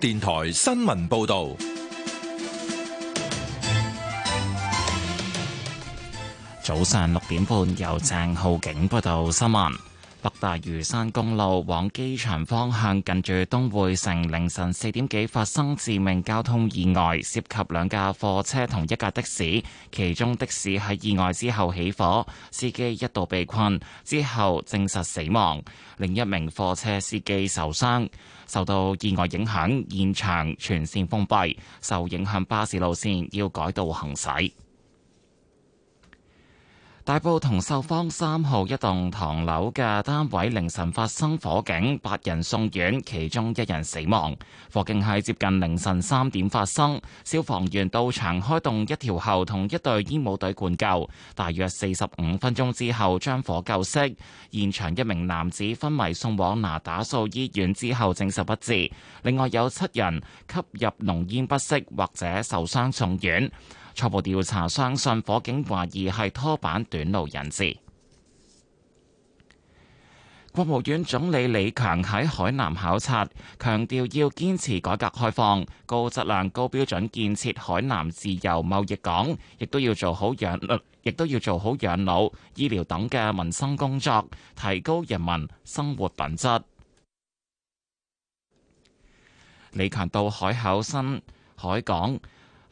電台新聞報道，早上六點半由鄭浩景報道新聞。北大嶼山公路往機場方向近住東匯城，凌晨四點幾發生致命交通意外，涉及兩架貨車同一架的士，其中的士喺意外之後起火，司機一度被困，之後證實死亡，另一名貨車司機受傷。受到意外影響，現場全線封閉，受影響巴士路線要改道行駛。大埔同秀坊三號一棟唐樓嘅單位凌晨發生火警，八人送院，其中一人死亡。火警喺接近凌晨三點發生，消防員到場開動一條喉同一隊煙帽隊灌救，大約四十五分鐘之後將火救熄。現場一名男子昏迷送往那打素醫院之後證實不治，另外有七人吸入濃煙不適或者受傷送院。初步調查，相信火警懷疑係拖板短路引致。國務院總理李強喺海南考察，強調要堅持改革開放，高質量、高標準建設海南自由貿易港，亦都要做好養，亦、呃、都要做好養老、醫療等嘅民生工作，提高人民生活品質。李強到海口新海港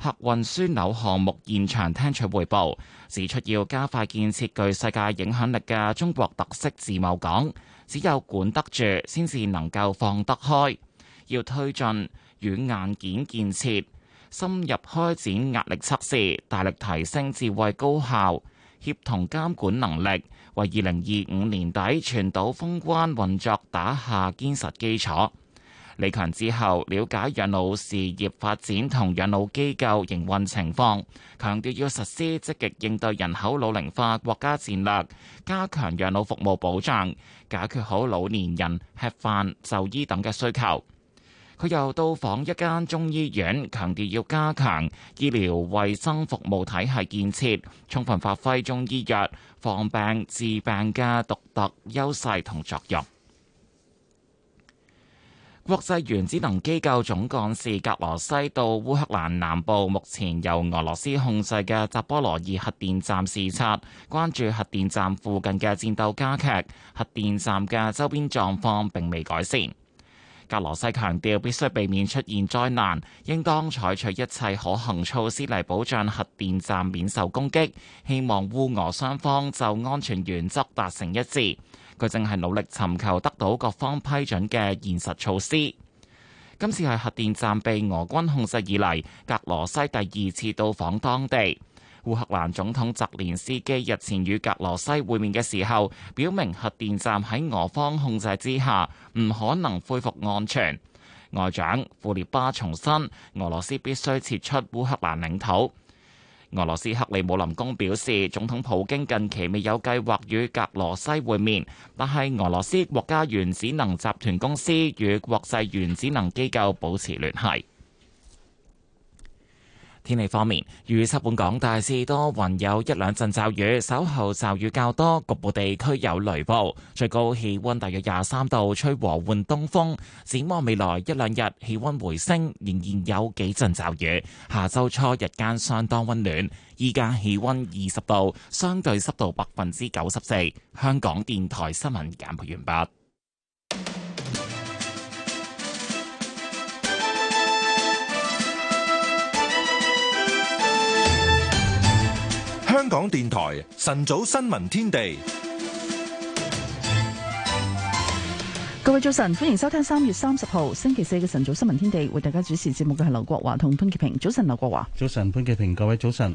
客運樞紐項目現場聽取匯報，指出要加快建設具世界影響力嘅中國特色自貿港，只有管得住，先至能夠放得開。要推進軟硬件建設，深入開展壓力測試，大力提升智慧高效，協同監管能力，為二零二五年底全島封關運作打下堅實基礎。李強之後了解養老事業發展同養老機構營運情況，強調要實施積極應對人口老齡化國家戰略，加強養老服務保障，解決好老年人吃飯、就醫等嘅需求。佢又到訪一間中醫院，強調要加強醫療衛生服務體系建設，充分發揮中醫藥防病治病嘅獨特優勢同作用。國際原子能機構總幹事格羅西到烏克蘭南部目前由俄羅斯控制嘅扎波羅熱核電站視察，關注核電站附近嘅戰鬥加劇，核電站嘅周邊狀況並未改善。格羅西強調，必須避免出現災難，應當採取一切可行措施嚟保障核電站免受攻擊，希望烏俄雙方就安全原則達成一致。佢正係努力尋求得到各方批准嘅現實措施。今次係核電站被俄軍控制以嚟，格羅西第二次到訪當地。烏克蘭總統澤連斯基日前與格羅西會面嘅時候，表明核電站喺俄方控制之下，唔可能恢復安全。外長庫列巴重申，俄羅斯必須撤出烏克蘭領土。俄羅斯克里姆林宮表示，總統普京近期未有計劃與格羅西會面，但係俄羅斯國家原子能集團公司與國際原子能機構保持聯繫。天氣方面，預測本港大致多雲，有一兩陣驟雨，稍後驟雨較多，局部地區有雷暴，最高氣溫大約廿三度，吹和緩東風。展望未來一兩日，氣溫回升，仍然有幾陣驟雨。下周初日間相當溫暖，依家氣溫二十度，相對濕度百分之九十四。香港電台新聞簡報完畢。香港電台晨早新聞天地，各位早晨，歡迎收聽三月三十號星期四嘅晨早新聞天地，為大家主持節目嘅係劉國華同潘潔平。早晨，劉國華。早晨，潘潔平。各位早晨。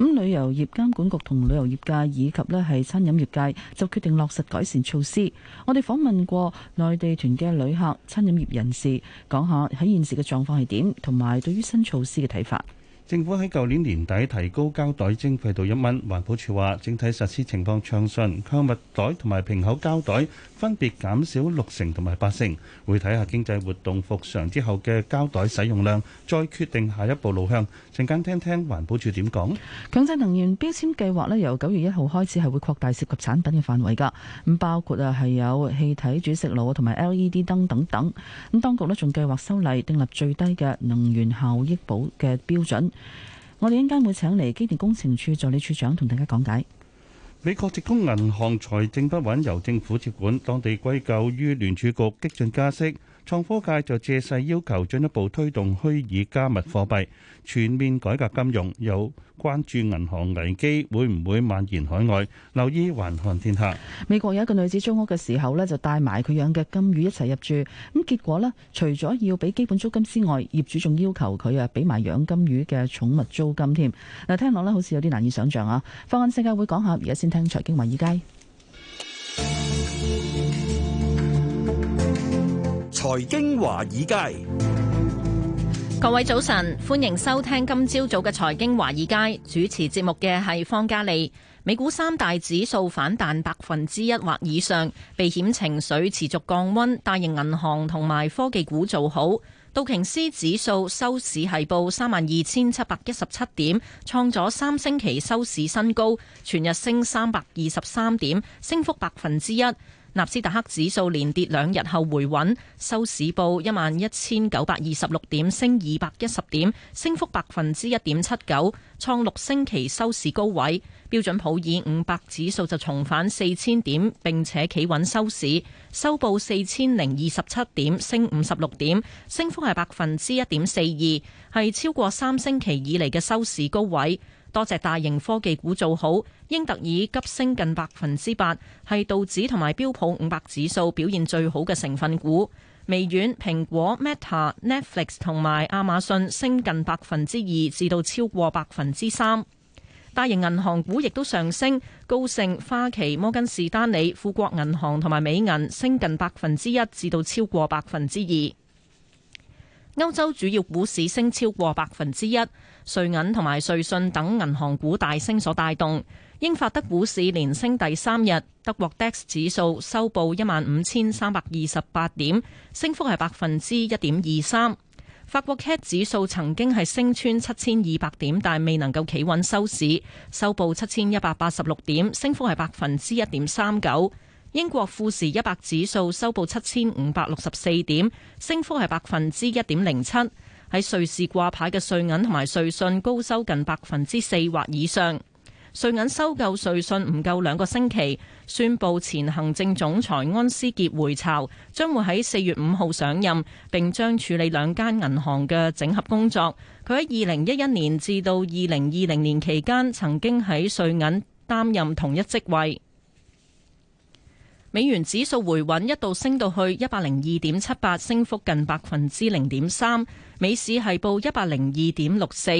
咁旅遊業監管局同旅遊業界以及咧係餐飲業界就決定落實改善措施。我哋訪問過內地團嘅旅客、餐飲業人士，講下喺現時嘅狀況係點，同埋對於新措施嘅睇法。政府喺舊年年底提高膠袋徵費到一蚊，環保署話整體實施情況暢順，購物袋同埋平口膠袋分別減少六成同埋八成。會睇下經濟活動復常之後嘅膠袋使用量，再決定下一步路向。陣間聽聽環保署點講咧？強制能源標籤計劃咧，由九月一號開始係會擴大涉及產品嘅範圍㗎。咁包括啊，係有氣體煮食爐同埋 LED 燈等等。咁當局咧仲計劃修例，訂立最低嘅能源效益保嘅標準。我哋一陣間會請嚟機電工程處助理處長同大家講解。美國矽谷銀行財政不穩，由政府接管，當地歸咎於聯儲局激進加息。創科界就借勢要求進一步推動虛擬加密貨幣，全面改革金融。有關注銀行危機會唔會蔓延海外？留意橫看天下。美國有一個女子租屋嘅時候呢就帶埋佢養嘅金魚一齊入住。咁結果呢，除咗要俾基本租金之外，業主仲要求佢啊俾埋養金魚嘅寵物租金添。嗱，聽落呢，好似有啲難以想象啊！放眼世界會講下，會講下而家先聽財經華爾街。財經華爾街，各位早晨，歡迎收聽今朝早嘅財經華爾街。主持節目嘅係方嘉利。美股三大指數反彈百分之一或以上，避險情緒持續降溫，大型銀行同埋科技股做好。道瓊斯指數收市係報三萬二千七百一十七點，創咗三星期收市新高，全日升三百二十三點，升幅百分之一。納斯達克指數連跌兩日後回穩，收市報一萬一千九百二十六點，升二百一十點，升幅百分之一點七九，創六星期收市高位。標準普爾五百指數就重返四千點，並且企穩收市，收報四千零二十七點，升五十六點，升幅係百分之一點四二，係超過三星期以嚟嘅收市高位。多謝大型科技股做好。英特爾急升近百分之八，係道指同埋標普五百指數表現最好嘅成分股。微軟、蘋果、Meta、Netflix 同埋亞馬遜升近百分之二，至到超過百分之三。大型銀行股亦都上升，高盛、花旗、摩根士丹利、富國銀行同埋美銀升近百分之一，至到超過百分之二。歐洲主要股市升超過百分之一，瑞銀同埋瑞信等銀行股大升所帶動。英法德股市連升第三日，德國 DAX 指數收報一萬五千三百二十八點，升幅係百分之一點二三。法國 CAC 指數曾經係升穿七千二百點，但係未能夠企穩收市，收報七千一百八十六點，升幅係百分之一點三九。英國富時一百指數收報七千五百六十四點，升幅係百分之一點零七。喺瑞士掛牌嘅瑞銀同埋瑞信高收近百分之四或以上。瑞銀收購瑞信唔夠兩個星期，宣布前行政總裁安思傑回巢，將會喺四月五號上任，並將處理兩間銀行嘅整合工作。佢喺二零一一年至到二零二零年期間，曾經喺瑞銀擔任同一職位。美元指數回穩，一度升到去一百零二點七八，升幅近百分之零點三。美市係報一百零二點六四。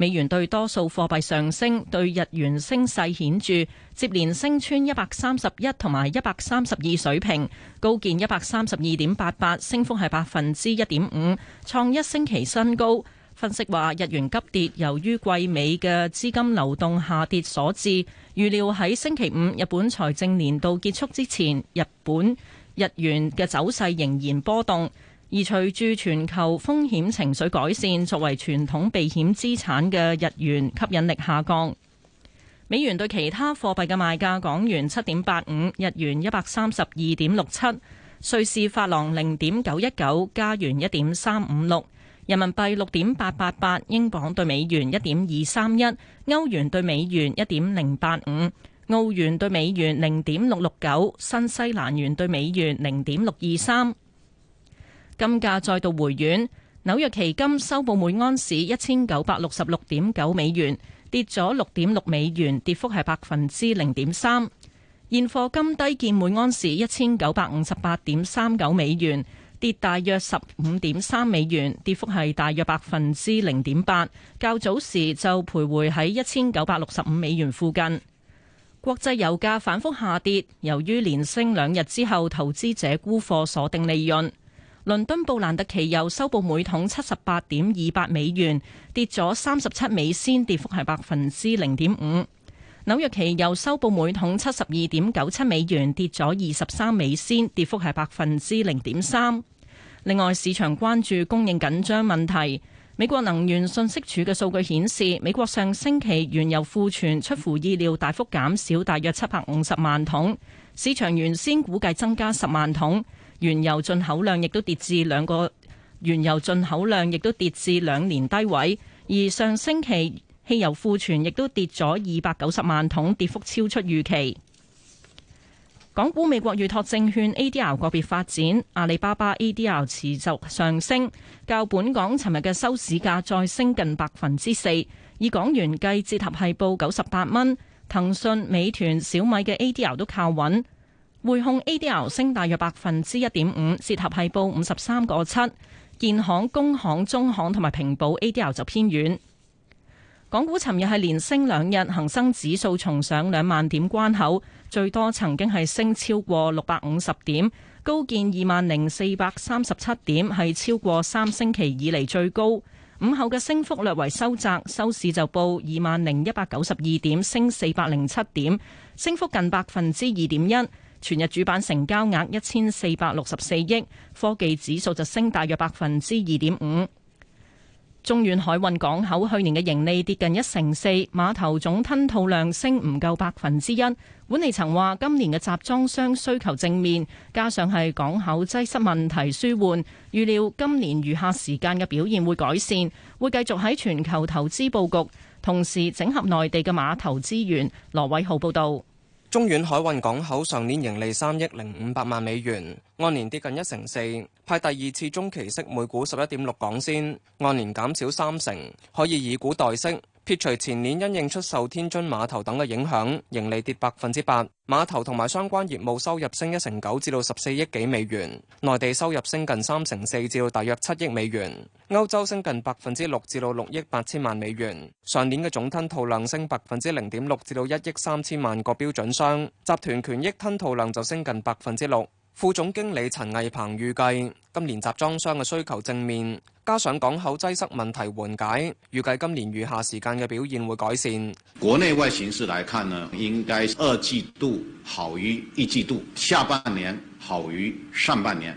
美元對多數貨幣上升，對日元升勢顯著，接連升穿一百三十一同埋一百三十二水平，高見一百三十二點八八，升幅係百分之一點五，創一星期新高。分析話日元急跌，由於季尾嘅資金流動下跌所致。預料喺星期五日本財政年度結束之前，日本日元嘅走勢仍然波動。而隨住全球風險情緒改善，作為傳統避險資產嘅日元吸引力下降。美元對其他貨幣嘅賣價：港元七點八五，日元一百三十二點六七，瑞士法郎零點九一九，加元一點三五六，人民幣六點八八八，英鎊兌美元一點二三一，歐元兌美元一點零八五，澳元兌美元零點六六九，新西蘭元兌美元零點六二三。金價再度回軟，紐約期金收報每安士一千九百六十六點九美元，跌咗六點六美元，跌幅係百分之零點三。現貨金低見每安士一千九百五十八點三九美元，跌大約十五點三美元，跌幅係大約百分之零點八。較早時就徘徊喺一千九百六十五美元附近。國際油價反覆下跌，由於連升兩日之後，投資者沽貨鎖定利潤。倫敦布蘭特期油收報每桶七十八點二八美元，跌咗三十七美仙，跌幅係百分之零點五。紐約期油收報每桶七十二點九七美元，跌咗二十三美仙，跌幅係百分之零點三。另外，市場關注供應緊張問題。美國能源信息署嘅數據顯示，美國上星期原油庫存出乎意料大幅減少大約七百五十萬桶，市場原先估計增加十萬桶。原油進口量亦都跌至兩個原油進口量亦都跌至兩年低位，而上星期汽油庫存亦都跌咗二百九十萬桶，跌幅超出預期。港股美國預託證券 ADR 個別發展，阿里巴巴 ADR 持續上升，較本港尋日嘅收市價再升近百分之四，以港元計，折合係報九十八蚊。騰訊、美團、小米嘅 ADR 都靠穩。匯控 A D L 升大約百分之一點五，折合係報五十三個七。建行、工行、中行同埋平保 A D L 就偏軟。港股尋日係連升兩日，恒生指數重上兩萬點關口，最多曾經係升超過六百五十點，高見二萬零四百三十七點，係超過三星期以嚟最高。午後嘅升幅略為收窄，收市就報二萬零一百九十二點，升四百零七點，升幅近百分之二點一。全日主板成交額一千四百六十四億，科技指數就升大約百分之二點五。中遠海運港口去年嘅盈利跌近一成四，碼頭總吞吐量升唔夠百分之一。管理層話今年嘅集裝箱需求正面，加上係港口擠塞問題舒緩，預料今年餘下時間嘅表現會改善，會繼續喺全球投資布局，同時整合內地嘅碼頭資源。羅偉浩報道。中遠海運港口上年盈利三億零五百萬美元，按年跌近一成四，派第二次中期息每股十一點六港仙，按年減少三成，可以以股代息。撇除前年因應出售天津碼頭等嘅影響，盈利跌百分之八，碼頭同埋相關業務收入升一成九，至到十四億幾美元；內地收入升近三成四，至到大約七億美元；歐洲升近百分之六，至到六億八千萬美元。上年嘅總吞吐量升百分之零點六，至到一億三千萬個標準箱；集團權益吞吐量就升近百分之六。副總經理陳毅鵬預計，今年集裝箱嘅需求正面。加上港口擠塞問題緩解，預計今年餘下時間嘅表現會改善。國內外形勢來看呢，應該二季度好於一季度，下半年好於上半年。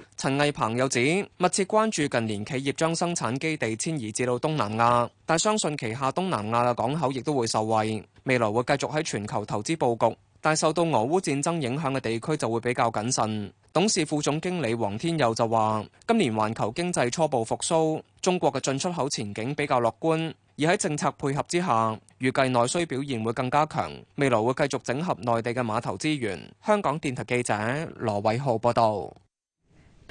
陳毅鵬又指，密切關注近年企業將生產基地遷移至到東南亞，但相信旗下東南亞嘅港口亦都會受惠。未來會繼續喺全球投資布局，但受到俄烏戰爭影響嘅地區就會比較謹慎。董事副總經理黃天佑就話，今年環球經濟初步復蘇，中國嘅進出口前景比較樂觀，而喺政策配合之下，預計內需表現會更加強。未來會繼續整合內地嘅碼頭資源。香港電台記者羅偉浩報道。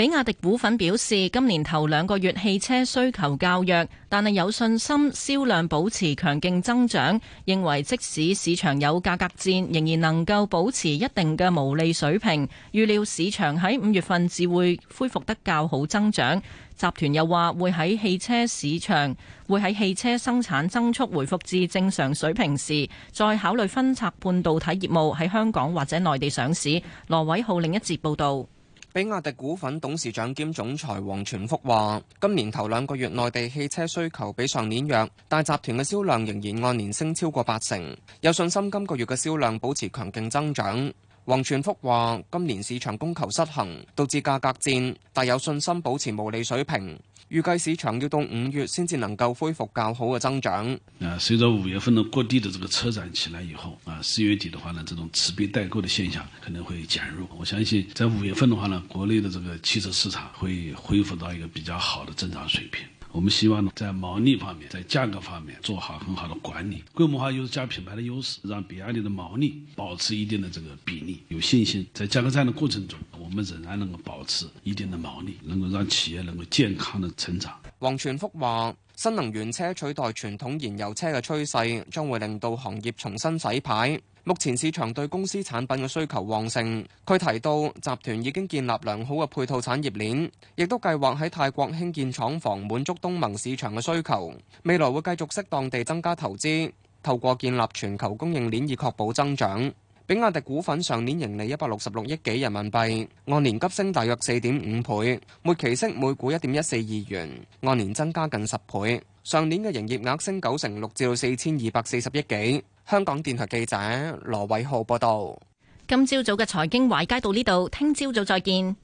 比亞迪股份表示，今年頭兩個月汽車需求較弱，但係有信心銷量保持強勁增長。認為即使市場有價格戰，仍然能夠保持一定嘅毛利水平。預料市場喺五月份至會恢復得較好增長。集團又話會喺汽車市場會喺汽車生產增速回復至正常水平時，再考慮分拆半導體業務喺香港或者內地上市。羅偉浩另一節報道。比亞迪股份董事長兼總裁王傳福話：今年頭兩個月內地汽車需求比上年弱，但集團嘅銷量仍然按年升超過八成，有信心今個月嘅銷量保持強勁增長。王傳福話：今年市場供求失衡，導致價格戰，但有信心保持毛利水平。預計市場要到五月先至能夠恢復較好嘅增長。啊，隨着五月份的各地的這個車展起來以後，啊，四月底的話呢，這種持幣代購的現象可能會減弱。我相信在五月份的話呢，國內的這個汽車市場會恢復到一個比較好的增長水平。我們希望呢，在毛利方面，在價格方面做好很好的管理，規模化優勢加品牌的優勢，讓比亞迪的毛利保持一定的這個比例，有信心在價格戰的過程中，我們仍然能夠保持一定的毛利，能夠讓企業能夠健康的成長。王傳福話，新能源車取代傳統燃油車嘅趨勢，將會令到行業重新洗牌。目前市場對公司產品嘅需求旺盛。佢提到，集團已經建立良好嘅配套產業鏈，亦都計劃喺泰國興建廠房，滿足東盟市場嘅需求。未來會繼續適當地增加投資，透過建立全球供應鏈以確保增長。比亞迪股份上年盈利一百六十六億幾人民幣，按年急升大約四點五倍，末期息每股一點一四二元，按年增加近十倍。上年嘅營業額升九成六，至到四千二百四十億幾。香港電台記者羅偉浩報道。今朝早嘅財經華街到呢度，聽朝早，早再見。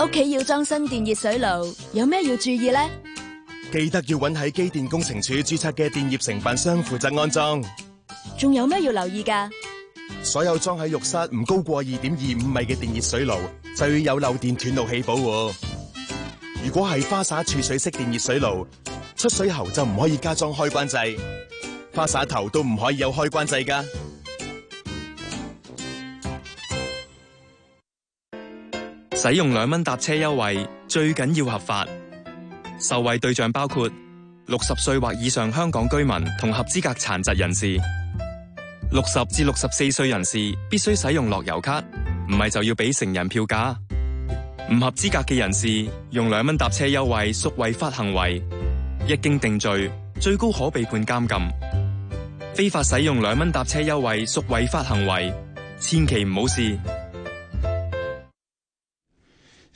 屋企要裝新電熱水爐，有咩要注意呢？記得要搵喺機電工程署注冊嘅電業承辦商負責安裝。仲有咩要留意噶？所有裝喺浴室唔高過二點二五米嘅電熱水爐，就要有漏電斷路器保護。如果係花灑儲水式電熱水爐。出水喉就唔可以加裝開關掣，花灑頭都唔可以有開關掣㗎。使用兩蚊搭車優惠最緊要合法，受惠對象包括六十歲或以上香港居民同合資格殘疾人士。六十至六十四歲人士必須使用樂悠卡，唔係就要俾成人票價。唔合資格嘅人士用兩蚊搭車優惠屬違法行為。一經定罪，最高可被判監禁。非法使用兩蚊搭車優惠屬違法行為，千祈唔好試。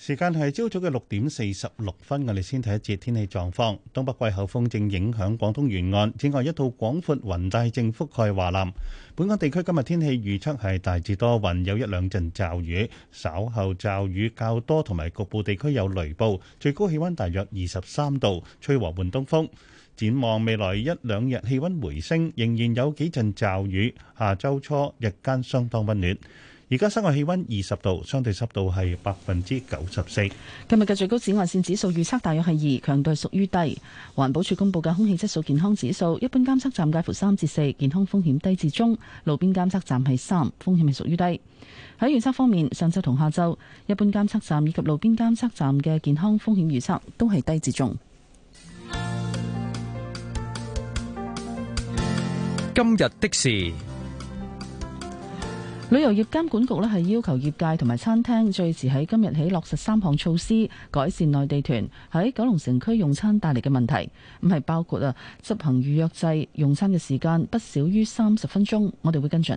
時間係朝早嘅六點四十六分，我哋先睇一節天氣狀況。東北季候風正影響廣東沿岸，此外，一道廣闊雲帶正覆蓋華南。本港地區今日天氣預測係大致多雲，有一兩陣驟雨，稍後驟雨較多，同埋局部地區有雷暴。最高氣溫大約二十三度，吹和緩東風。展望未來一兩日，氣溫回升，仍然有幾陣驟雨。下週初日間相當溫暖。而家室外氣溫二十度，相對濕度係百分之九十四。今日嘅最高紫外線指數預測大約係二，強度係屬於低。環保署公布嘅空氣質素健康指數，一般監測站介乎三至四，健康風險低至中；路邊監測站係三，風險係屬於低。喺預測方面，上晝同下晝，一般監測站以及路邊監測站嘅健康風險預測都係低至中。今日的事。旅遊業監管局呢係要求業界同埋餐廳，最遲喺今日起落實三項措施，改善內地團喺九龍城區用餐帶嚟嘅問題。咁係包括啊，執行預約制，用餐嘅時間不少於三十分鐘。我哋會跟進。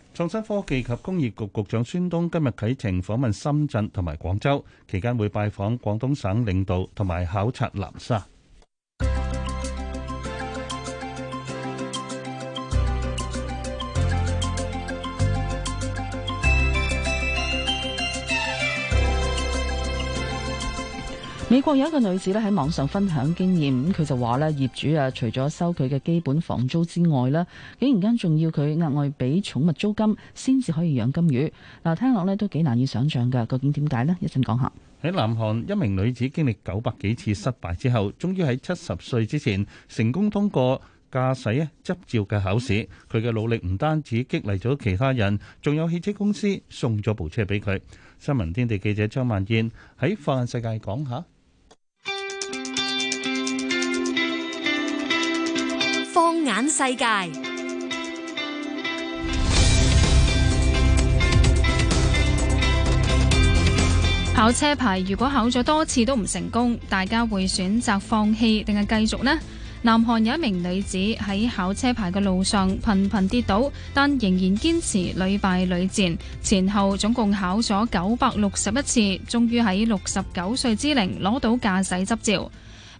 創新科技及工業局局長孫東今日啟程訪問深圳同埋廣州，期間會拜訪廣東省領導同埋考察南沙。美國有一個女子咧喺網上分享經驗，佢就話咧，業主啊，除咗收佢嘅基本房租之外咧，竟然間仲要佢額外俾寵物租金先至可以養金魚。嗱，聽落咧都幾難以想像㗎，究竟點解呢？一陣講一下。喺南韓，一名女子經歷九百幾次失敗之後，終於喺七十歲之前成功通過駕駛執照嘅考試。佢嘅努力唔單止激勵咗其他人，仲有汽車公司送咗部車俾佢。新聞天地記者張曼燕喺《放眼世界》講下。放眼世界，考車牌如果考咗多次都唔成功，大家會選擇放棄定係繼續呢？南韓有一名女子喺考車牌嘅路上頻頻跌倒，但仍然堅持屢敗屢戰，前後總共考咗九百六十一次，終於喺六十九歲之齡攞到駕駛執照。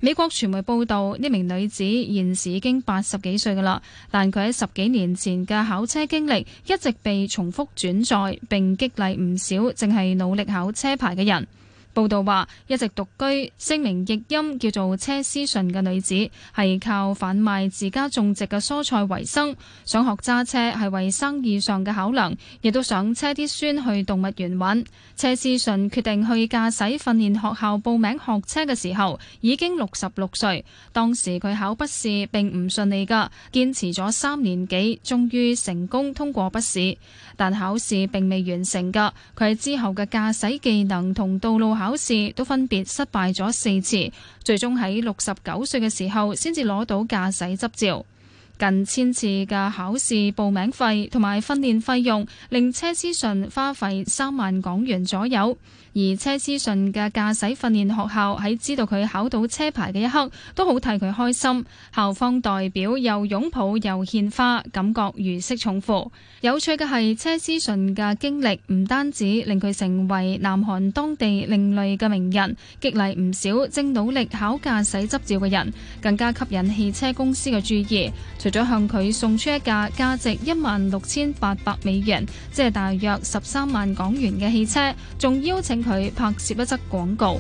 美國傳媒報道，呢名女子現時已經八十幾歲噶啦，但佢喺十幾年前嘅考車經歷一直被重複轉載，並激勵唔少淨係努力考車牌嘅人。報道話，一直獨居、聲明譯音叫做車思純嘅女子，係靠販賣自家種植嘅蔬菜為生。想學揸車係為生意上嘅考量，亦都想車啲孫去動物園玩。車思純決定去駕駛訓練學校報名學車嘅時候，已經六十六歲。當時佢考筆試並唔順利噶，堅持咗三年幾，終於成功通過筆試，但考試並未完成噶。佢之後嘅駕駛技能同道路，考試都分別失敗咗四次，最終喺六十九歲嘅時候先至攞到駕駛執照。近千次嘅考試報名費同埋訓練費用，令車思順花費三萬港元左右。而車思順嘅駕駛訓練學校喺知道佢考到車牌嘅一刻，都好替佢開心。校方代表又擁抱又獻花，感覺如釋重負。有趣嘅係，車思順嘅經歷唔單止令佢成為南韓當地另類嘅名人，激勵唔少正努力考駕駛執照嘅人，更加吸引汽車公司嘅注意。除咗向佢送出一架價值一萬六千八百美元，即係大約十三萬港元嘅汽車，仲邀請。佢拍攝一則廣告。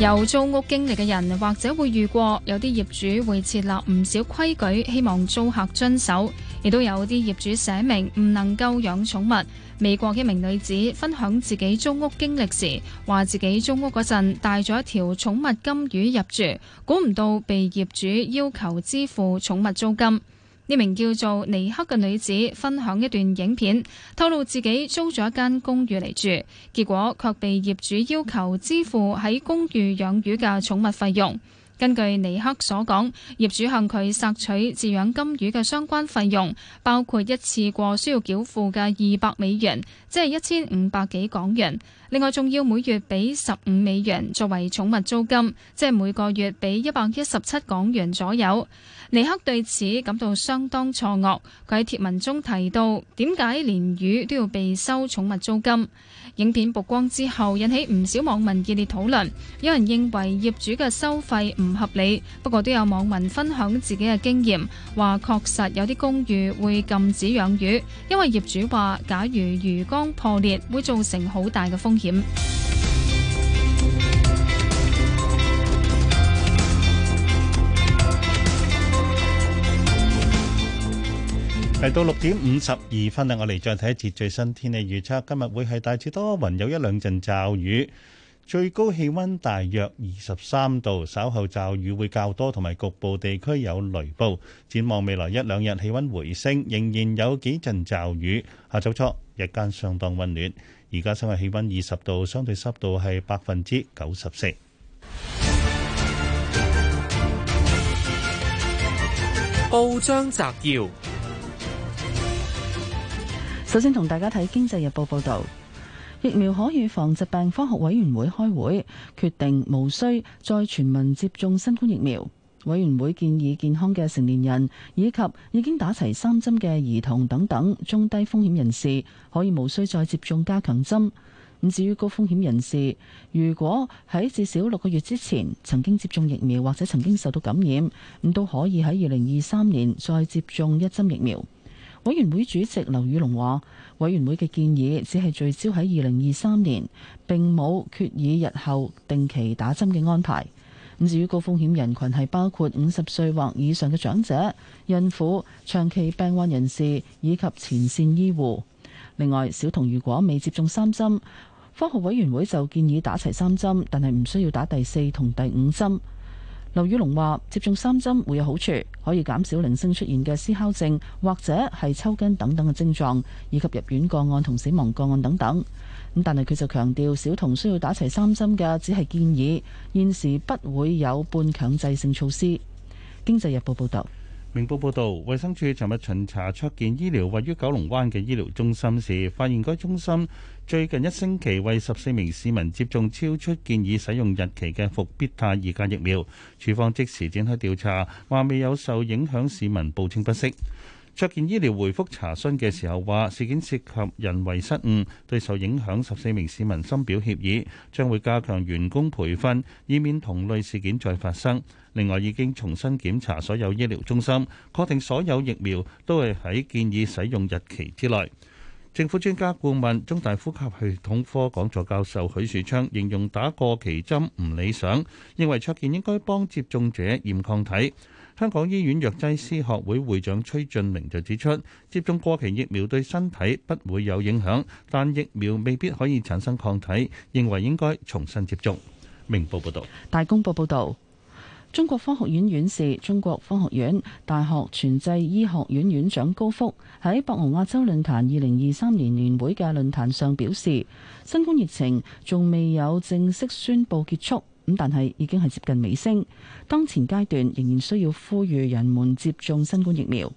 有租屋經歷嘅人，或者會遇過有啲業主會設立唔少規矩，希望租客遵守。亦都有啲業主寫明唔能夠養寵物。美國一名女子分享自己租屋經歷時，話自己租屋嗰陣帶咗一條寵物金魚入住，估唔到被業主要求支付寵物租金。呢名叫做尼克嘅女子分享一段影片，透露自己租咗一間公寓嚟住，結果卻被業主要求支付喺公寓養魚嘅寵物費用。根據尼克所講，業主向佢索取飼養金魚嘅相關費用，包括一次過需要繳付嘅二百美元，即係一千五百幾港元。另外仲要每月俾十五美元作為寵物租金，即係每個月俾一百一十七港元左右。尼克對此感到相當錯愕。佢喺貼文中提到點解連魚都要被收寵物租金？影片曝光之後，引起唔少網民熱烈討論。有人認為業主嘅收費唔合理，不過都有網民分享自己嘅經驗，話確實有啲公寓會禁止養魚，因為業主話假如魚缸破裂會造成好大嘅風險。嚟到六點五十二分啦，我哋再睇一次最新天氣預測。今日會係大致多雲，有一兩陣驟雨，最高氣溫大約二十三度。稍後驟雨會較多，同埋局部地區有雷暴。展望未來一兩日，氣溫回升，仍然有幾陣驟雨。下周初日間相當溫暖。而家室外氣溫二十度，相對濕度係百分之九十四。報章摘要。首先同大家睇《經濟日報》報道，疫苗可預防疾病科學委員會開會，決定無需再全民接種新冠疫苗。委員會建議健康嘅成年人以及已經打齊三針嘅兒童等等中低風險人士，可以無需再接種加強針。咁至於高風險人士，如果喺至少六個月之前曾經接種疫苗或者曾經受到感染，咁都可以喺二零二三年再接種一針疫苗。委員會主席劉宇龍話，委員會嘅建議只係聚焦喺二零二三年，並冇決議日後定期打針嘅安排。咁至於高風險人群係包括五十歲或以上嘅長者、孕婦、長期病患人士以及前線醫護。另外，小童如果未接種三針，科學委員會就建議打齊三針，但係唔需要打第四同第五針。劉宇龍話：接種三針會有好處，可以減少零星出現嘅思考症或者係抽筋等等嘅症狀，以及入院個案同死亡個案等等。咁但係佢就強調，小童需要打齊三針嘅只係建議，現時不會有半強制性措施。《經濟日報》報道。明報報導，衛生署尋日巡查卓健醫療位於九龍灣嘅醫療中心時，發現該中心最近一星期為十四名市民接種超出建議使用日期嘅復必泰二價疫苗，處方即時展開調查，話未有受影響市民報稱不適。卓健醫療回覆查詢嘅時候話：事件涉及人為失誤，對受影響十四名市民深表歉意，將會加強員工培訓，以免同類事件再發生。另外，已經重新檢查所有醫療中心，確定所有疫苗都係喺建議使用日期之內。政府專家顧問、中大呼吸系統科講座教授教授許樹昌形容打過期針唔理想，認為卓健應該幫接種者驗抗體。香港醫院藥劑師學會會長崔俊明就指出，接種過期疫苗對身體不會有影響，但疫苗未必可以產生抗體，認為應該重新接種。明報報道，大公報報道，中國科學院院士、中國科學院大學全制醫學院院長高福喺博鰲亞洲論壇二零二三年年會嘅論壇上表示，新冠疫情仲未有正式宣布結束。咁但係已經係接近尾聲，當前階段仍然需要呼籲人們接種新冠疫苗。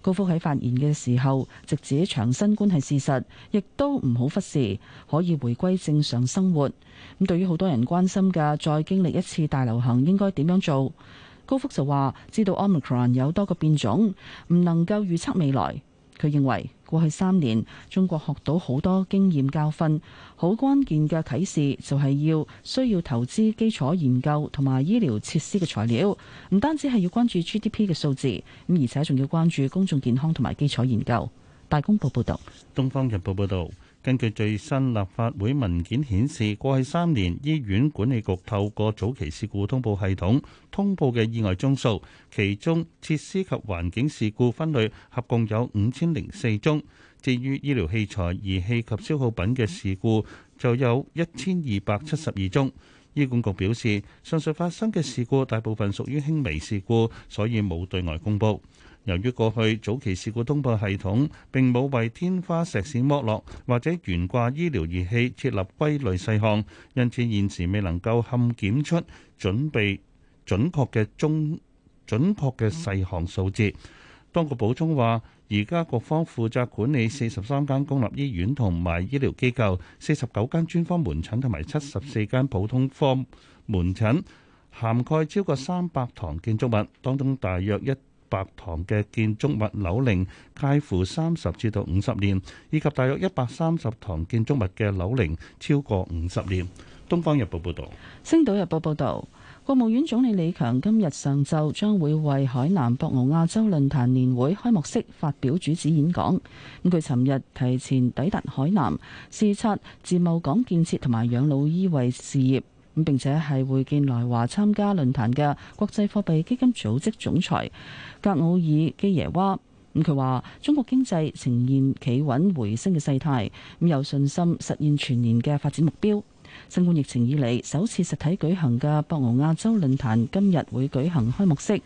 高福喺發言嘅時候，直指長新冠係事實，亦都唔好忽視，可以回歸正常生活。咁對於好多人關心嘅再經歷一次大流行應該點樣做？高福就話知道 Omicron 有多個變種，唔能夠預測未來。佢認為過去三年中國學到好多經驗教訓，好關鍵嘅啟示就係要需要投資基礎研究同埋醫療設施嘅材料，唔單止係要關注 GDP 嘅數字，咁而且仲要關注公眾健康同埋基礎研究。大公報報道。東方日報報道。根據最新立法會文件顯示，過去三年醫院管理局透過早期事故通報系統通報嘅意外宗數，其中設施及環境事故分類合共有五千零四宗；至於醫療器材、儀器及消耗品嘅事故，就有一千二百七十二宗。醫管局表示，上述發生嘅事故大部分屬於輕微事故，所以冇對外公佈。由於過去早期事故通報系統並冇為天花石屎剝落或者懸掛醫療儀器設立歸類細項，因此現時未能夠勘檢出準備準確嘅細準確嘅細項數字。當局補充話：而家各方負責管理四十三間公立醫院同埋醫療機構、四十九間專科門診同埋七十四間普通科門診，涵蓋超過三百堂建築物，當中大約一。百堂嘅建築物樓齡介乎三十至到五十年，以及大約一百三十堂建築物嘅樓齡超過五十年。《東方日報》報道，《星島日報》報道，國務院總理李強今日上晝將會為海南博鰲亞洲論壇年會開幕式發表主旨演講，咁佢尋日提前抵達海南，視察自貿港建設同埋養老醫衛事業。咁並且係會見來華參加論壇嘅國際貨幣基金組織總裁格奧爾基耶娃。咁佢話：中國經濟呈現企穩回升嘅勢態，咁有信心實現全年嘅發展目標。新冠疫情以嚟首次實體舉行嘅博鰲亞洲論壇今日會舉行開幕式。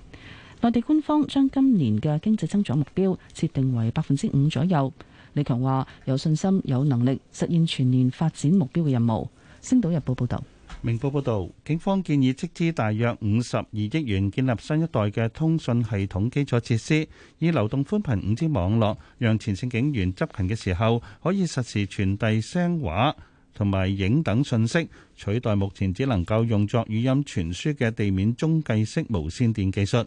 內地官方將今年嘅經濟增長目標設定為百分之五左右。李強話：有信心有能力實現全年發展目標嘅任務。星島日報報道。明報報道，警方建議斥資大約五十二億元，建立新一代嘅通訊系統基礎設施，以流動寬頻五 G 網絡，讓前線警員執勤嘅時候可以實時傳遞聲話同埋影等訊息，取代目前只能夠用作語音傳輸嘅地面中繼式無線電技術。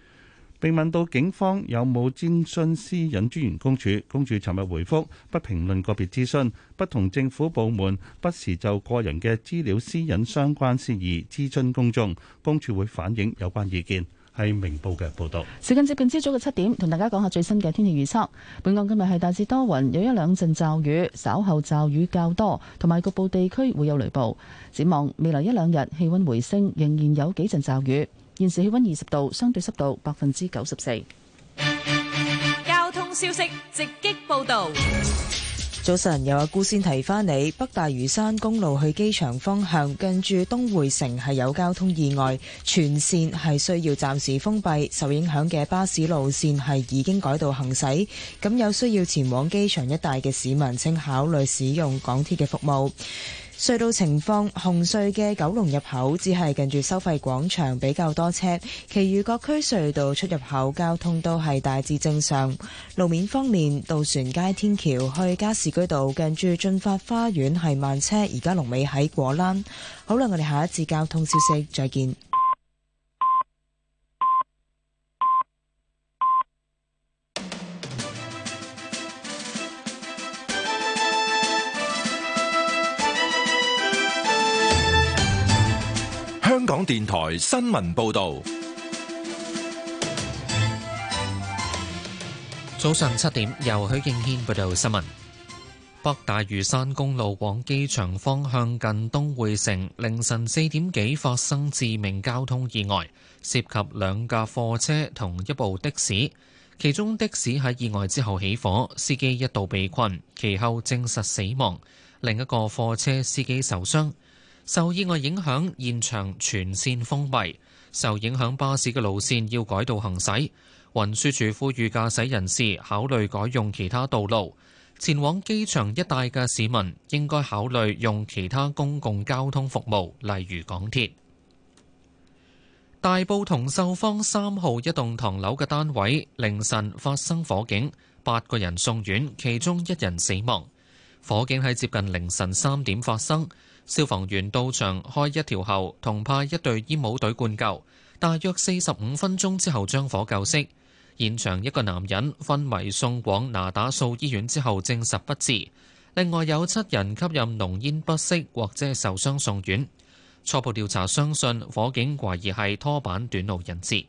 被問到警方有冇諮詢私隱專員公署，公署，公署尋日回覆不評論個別諮詢，不同政府部門不時就個人嘅資料私隱相關事宜諮詢公眾，公署會反映有關意見。係明報嘅報道。時間接近朝早嘅七點，同大家講下最新嘅天氣預測。本港今日係大致多雲，有一兩陣驟雨，稍後驟雨較多，同埋局部地區會有雷暴。展望未來一兩日氣温回升，仍然有幾陣驟雨。現時氣温二十度，相對濕度百分之九十四。交通消息直擊報道。早晨，有阿姑先提返你，北大嶼山公路去機場方向近住東薈城係有交通意外，全線係需要暫時封閉，受影響嘅巴士路線係已經改道行駛。咁有需要前往機場一帶嘅市民，請考慮使用港鐵嘅服務。隧道情況，紅隧嘅九龍入口只係近住收費廣場比較多車，其餘各區隧道出入口交通都係大致正常。路面方面，渡船街天橋去加士居道近住駿發花園係慢車，而家龍尾喺果欄。好啦，我哋下一次交通消息再見。香港電台新聞報道，早上七點，由許敬軒報道新聞。北大嶼山公路往機場方向近東匯城，凌晨四點幾發生致命交通意外，涉及兩架貨車同一部的士，其中的士喺意外之後起火，司機一度被困，其後證實死亡；另一個貨車司機受傷。受意外影響，現場全線封閉，受影響巴士嘅路線要改道行駛，運輸署呼籲駕駛人士考慮改用其他道路前往機場一帶嘅市民，應該考慮用其他公共交通服務，例如港鐵。大埔同秀坊三號一棟唐樓嘅單位凌晨發生火警，八個人送院，其中一人死亡。火警喺接近凌晨三點發生。消防員到場開一條喉同派一隊煙霧隊灌救，大約四十五分鐘之後將火救熄。現場一個男人昏迷送往拿打素醫院之後證實不治，另外有七人吸入濃煙不適或者受傷送院。初步調查相信火警懷疑係拖板短路引致。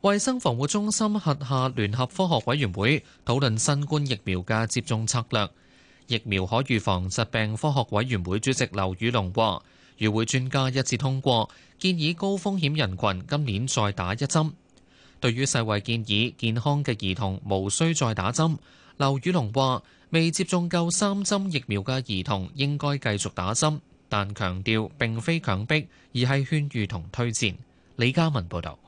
衛生防護中心轄下聯合科學委員會討論新冠疫苗嘅接種策略。疫苗可預防疾病，科學委員會主席劉宇龍話，與會專家一致通過，建議高風險人群今年再打一針。對於世衞建議，健康嘅兒童無需再打針，劉宇龍話，未接種夠三針疫苗嘅兒童應該繼續打針，但強調並非強迫，而係勸喻同推薦。李嘉文報導。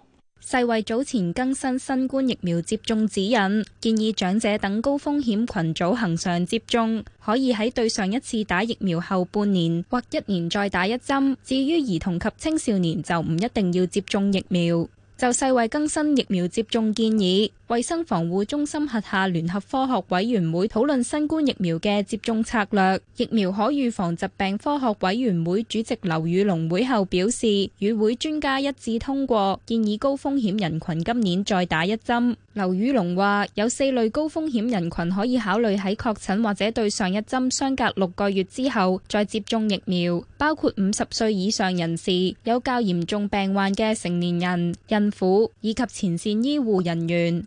世衛早前更新新冠疫苗接種指引，建議長者等高風險群組恆常接種，可以喺對上一次打疫苗後半年或一年再打一針。至於兒童及青少年就唔一定要接種疫苗。就世衛更新疫苗接種建議，衛生防護中心轄下聯合科學委員會討論新冠疫苗嘅接種策略。疫苗可預防疾病科學委員會主席劉宇龍會後表示，與會專家一致通過，建議高風險人群今年再打一針。劉宇龍話，有四類高風險人群可以考慮喺確診或者對上一針相隔六個月之後再接種疫苗，包括五十歲以上人士、有較嚴重病患嘅成年人、孕婦以及前線醫護人員。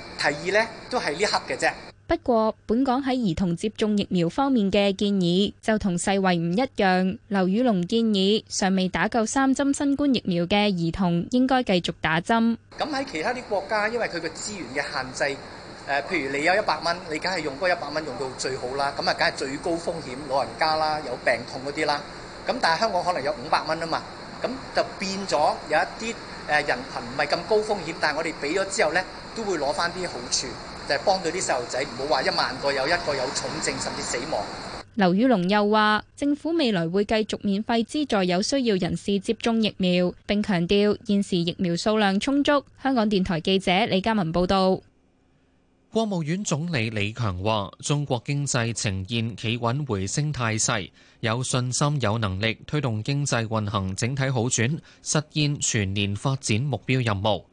提議呢都係呢刻嘅啫。不過本港喺兒童接種疫苗方面嘅建議就同世衛唔一樣。劉宇龍建議，尚未打夠三針新冠疫苗嘅兒童應該繼續打針。咁喺其他啲國家，因為佢個資源嘅限制，呃，譬如，你有一百蚊，你梗係用嗰一百蚊用到最好啦。咁啊，梗係最高風險老人家啦，有病痛嗰啲啦。咁但係香港可能有五百蚊啊嘛，咁就變咗有一啲。誒人羣唔係咁高風險，但係我哋俾咗之後呢，都會攞返啲好處，就係幫到啲細路仔，唔好話一萬個有一個有重症甚至死亡。劉宇龍又話：政府未來會繼續免費資助有需要人士接種疫苗，並強調現時疫苗數量充足。香港電台記者李嘉文報道。國務院總理李強話：中國經濟呈現企穩回升態勢，有信心、有能力推動經濟運行整體好轉，實現全年發展目標任務。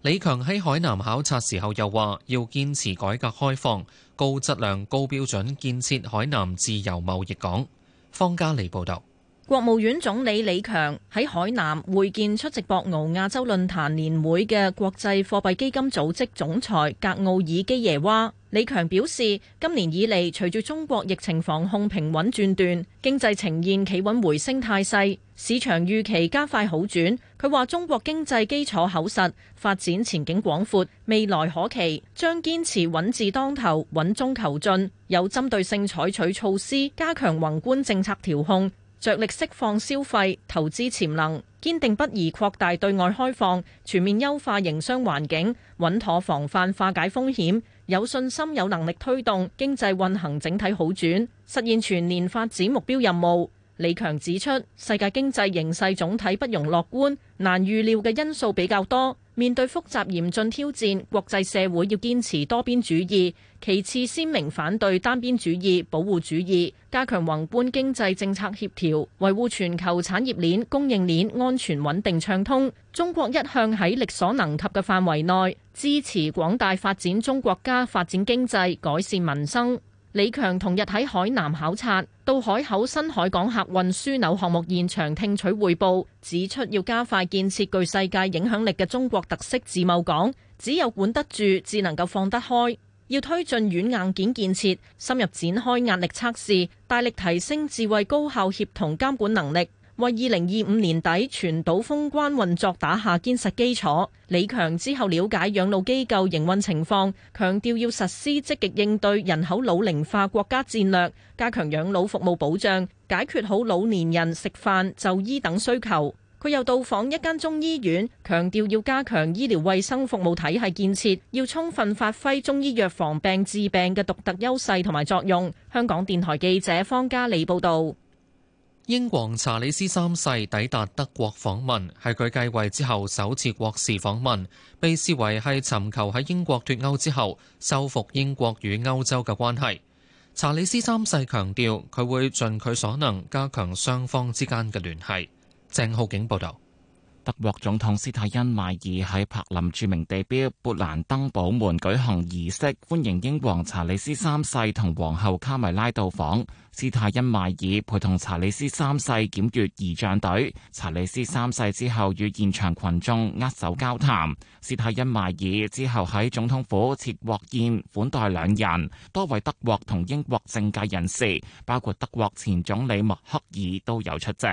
李強喺海南考察時候又話：要堅持改革開放，高質量、高標準建設海南自由貿易港。方家莉報道。國務院總理李強喺海南會見出席博鰲亞洲論壇年會嘅國際貨幣基金組織總裁格奧爾基耶娃。李強表示，今年以嚟，隨住中國疫情防控平穩轉段，經濟呈現企穩回升態勢，市場預期加快好轉。佢話中國經濟基礎厚實，發展前景廣闊，未來可期，將堅持穩字當頭、穩中求進，有針對性採取措施，加強宏觀政策調控。着力釋放消費投資潛能，堅定不移擴大對外開放，全面優化營商環境，穩妥防範化解風險，有信心有能力推動經濟運行整體好轉，實現全年發展目標任務。李強指出，世界經濟形勢總體不容樂觀，難預料嘅因素比較多。面對複雜嚴峻挑戰，國際社會要堅持多邊主義，其次鮮明反對單邊主義、保護主義，加強宏觀經濟政策協調，維護全球產業鏈、供應鏈安全穩定暢通。中國一向喺力所能及嘅範圍內支持廣大發展中國家發展經濟、改善民生。李強同日喺海南考察，到海口新海港客運樞紐項目現場聽取匯報，指出要加快建設具世界影響力嘅中國特色自貿港，只有管得住，至能夠放得開。要推進軟硬件建設，深入展開壓力測試，大力提升智慧高效協同監管能力。為二零二五年底全島封關運作打下堅實基礎。李強之後了解養老機構營運情況，強調要實施積極應對人口老齡化國家戰略，加強養老服務保障，解決好老年人食飯、就醫等需求。佢又到訪一間中醫院，強調要加強醫療衛生服務體系建設，要充分發揮中醫藥防病治病嘅獨特優勢同埋作用。香港電台記者方嘉莉報道。英皇查理斯三世抵達德國訪問，係佢繼位之後首次國事訪問，被視為係尋求喺英國脱歐之後修復英國與歐洲嘅關係。查理斯三世強調，佢會盡佢所能加強雙方之間嘅聯繫。鄭浩景報道。德國總統施泰因邁爾喺柏林著名地標勃蘭登堡門舉行儀式，歡迎英皇查理斯三世同皇后卡米拉到訪。施泰因邁爾陪同查理斯三世檢閱儀仗隊，查理斯三世之後與現場羣眾握手交談。施泰因邁爾之後喺總統府設國宴款待兩人，多位德國同英國政界人士，包括德國前總理默克爾都有出席。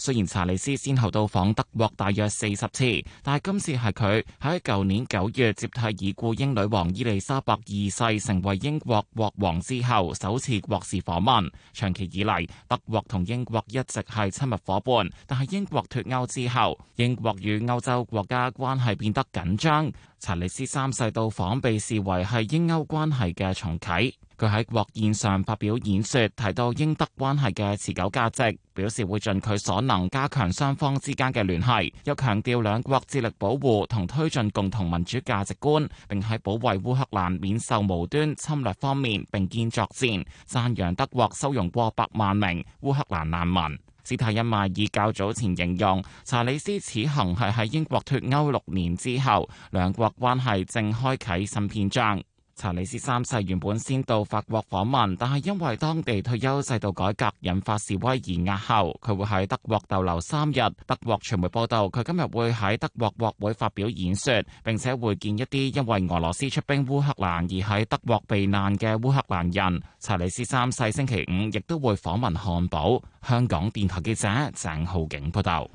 雖然查理斯先後到訪德國大約四十次，但係今次係佢喺喺舊年九月接替已故英女王伊麗莎白二世成為英國國王之後首次國事訪問。長期以嚟，德國同英國一直係親密夥伴，但係英國脫歐之後，英國與歐洲國家關係變得緊張。查理斯三世到訪被視為係英歐關係嘅重啟。佢喺國宴上發表演說，提到英德關係嘅持久價值，表示會盡佢所能加強雙方之間嘅聯繫，又強調兩國致力保護同推進共同民主價值觀，並喺保衛烏克蘭免受無端侵略方面並肩作戰，讚揚德國收容過百萬名烏克蘭難民。斯泰因邁爾較早前形容，查理斯此行係喺英國脫歐六年之後，兩國關係正開啟新篇章。查理斯三世原本先到法國訪問，但係因為當地退休制度改革引發示威而押後。佢會喺德國逗留三日。德國傳媒報道，佢今日會喺德國國會發表演說，並且會見一啲因為俄羅斯出兵烏克蘭而喺德國避難嘅烏克蘭人。查理斯三世星期五亦都會訪問漢堡。香港電台記者鄭浩景報道。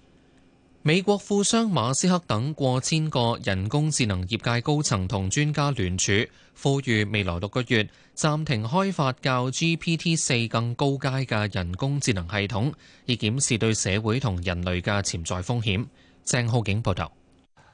美國富商馬斯克等過千個人工智能業界高層同專家聯署，呼籲未來六個月暫停開發較 GPT 四更高階嘅人工智能系統，以檢視對社會同人類嘅潛在風險。鄭浩景報道。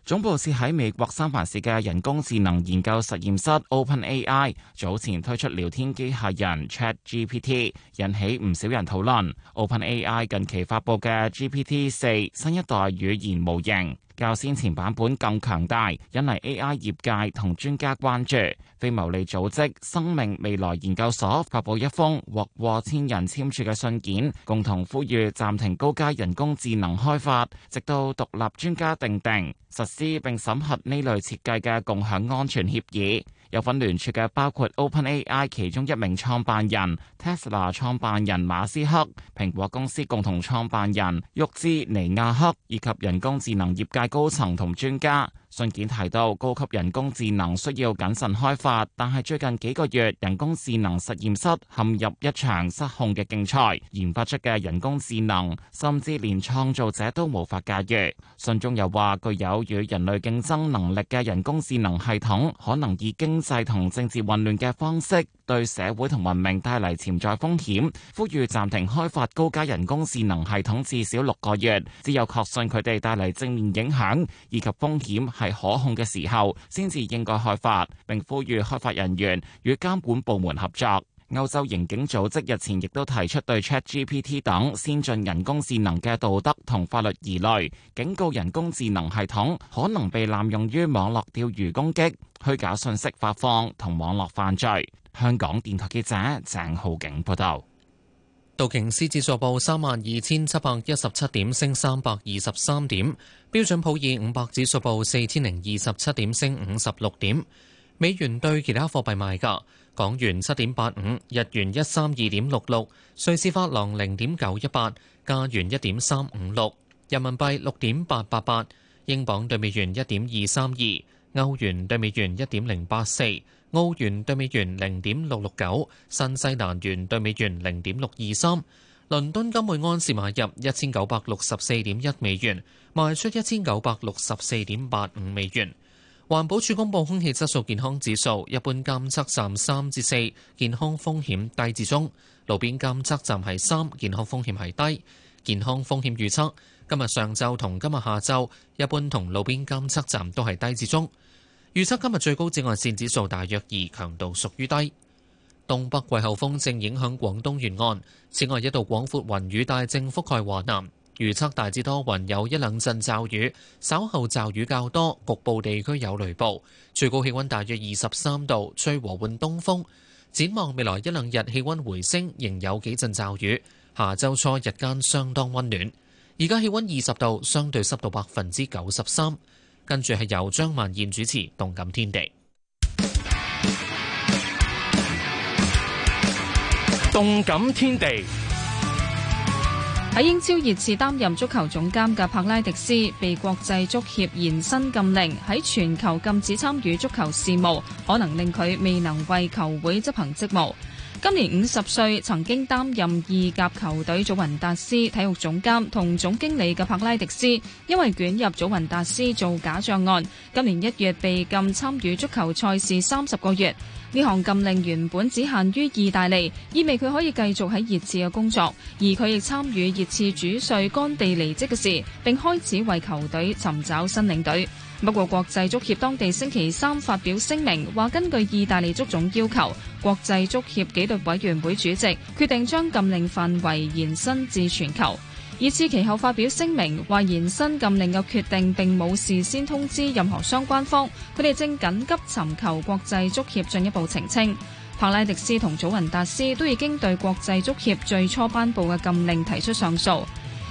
總部設喺美國三藩市嘅人工智能研究實驗室 OpenAI 早前推出聊天機械人 ChatGPT，引起唔少人討論。OpenAI 近期發布嘅 GPT 四新一代語言模型，較先前版本更強大，引嚟 AI 業界同專家關注。非牟利組織生命未來研究所發佈一封獲獲千人簽署嘅信件，共同呼籲暫停高階人工智能開發，直到獨立專家定定、實施並審核呢類設計嘅共享安全協議。有份聯署嘅包括 OpenAI 其中一名創辦人、Tesla 創辦人馬斯克、蘋果公司共同創辦人沃茲尼亞克以及人工智能業界高層同專家。信件提到，高級人工智能需要謹慎開發，但係最近幾個月，人工智能實驗室陷入一場失控嘅競賽，研發出嘅人工智能甚至連創造者都無法駕馭，信中又話，具有與人類競爭能力嘅人工智能系統，可能以經濟同政治混亂嘅方式對社會同文明帶嚟潛在風險，呼籲暫停開發高階人工智能系統至少六個月，只有確信佢哋帶嚟正面影響以及風險。係可控嘅時候，先至應該開發，並呼籲開發人員與監管部門合作。歐洲刑警組織日前亦都提出對 ChatGPT 等先進人工智能嘅道德同法律疑慮，警告人工智能系統可能被濫用於網絡釣魚攻擊、虛假信息發放同網絡犯罪。香港電台記者鄭浩景報道。道瓊斯指數報三萬二千七百一十七點，升三百二十三點；標準普爾五百指數報四千零二十七點，升五十六點。美元對其他貨幣賣價：港元七點八五，日元一三二點六六，瑞士法郎零點九一八，加元一點三五六，人民幣六點八八八，英鎊對美元一點二三二，歐元對美元一點零八四。澳元兌美元零點六六九，新西蘭元兌美元零點六二三。倫敦金每安士買入一千九百六十四點一美元，賣出一千九百六十四點八五美元。環保署公布空氣質素健康指數，一般監測站三至四，健康風險低至中；路邊監測站係三，健康風險係低。健康風險預測，今日上晝同今日下晝，一般同路邊監測站都係低至中。預測今日最高紫外線指數大約二，強度屬於低。東北季候風正影響廣東沿岸，此外一道廣闊雲雨帶正覆蓋華南。預測大致多雲，有一兩陣驟雨，稍後驟雨較多，局部地區有雷暴。最高氣温大約二十三度，吹和緩東風。展望未來一兩日氣温回升，仍有幾陣驟雨。下周初日間相當温暖，而家氣温二十度，相對濕度百分之九十三。跟住係由張曼燕主持《動感天地》。《動感天地》喺英超熱刺擔任足球總監嘅柏拉迪斯被國際足協延伸禁令，喺全球禁止參與足球事務，可能令佢未能為球會執行職務。今年五十歲，曾經擔任意甲球隊祖雲達斯體育總監同總經理嘅柏拉迪斯，因為捲入祖雲達斯造假帳案，今年一月被禁參與足球賽事三十個月。呢項禁令原本只限於意大利，意味佢可以繼續喺熱刺嘅工作。而佢亦參與熱刺主帥干地離職嘅事，並開始為球隊尋找新領隊。不過，國際足協當地星期三發表聲明，話根據意大利足總要求，國際足協紀律委員會主席決定將禁令範圍延伸至全球。以至其後發表聲明，話延伸禁令嘅決定並冇事先通知任何相關方，佢哋正緊急尋求國際足協進一步澄清。帕拉迪斯同祖雲達斯都已經對國際足協最初頒布嘅禁令提出上訴。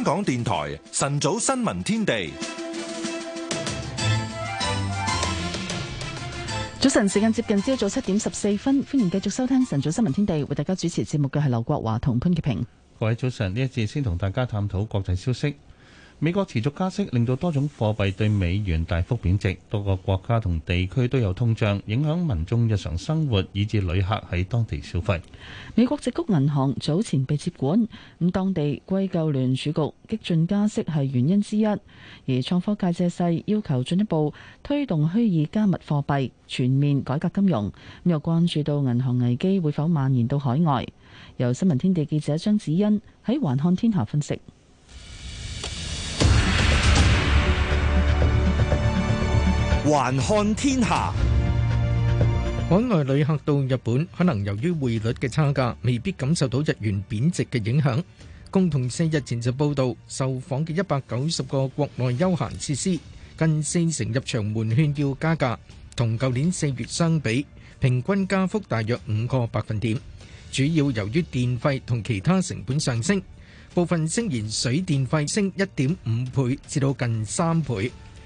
香港電台晨早新聞天地，早晨時間接近朝早七點十四分，歡迎繼續收聽晨早新聞天地，為大家主持節目嘅係劉國華同潘潔平。各位早晨，呢一節先同大家探討國際消息。美國持續加息，令到多種貨幣對美元大幅貶值，多個國家同地區都有通脹，影響民眾日常生活，以至旅客喺當地消費。美國矽谷銀行早前被接管，咁當地歸咎聯儲局激進加息係原因之一，而創科界借勢要求進一步推動虛擬加密貨幣，全面改革金融。咁又關注到銀行危機會否蔓延到海外？由新聞天地記者張子欣喺環看天下分析。還看天下，海外旅客到日本可能由於匯率嘅差價，未必感受到日元貶值嘅影響。共同社日前就報道，受訪嘅一百九十個國內休閒設施，近四成入場門券要加價，同舊年四月相比，平均加幅大約五個百分點，主要由於電費同其他成本上升，部分聲言水電費升一點五倍至到近三倍。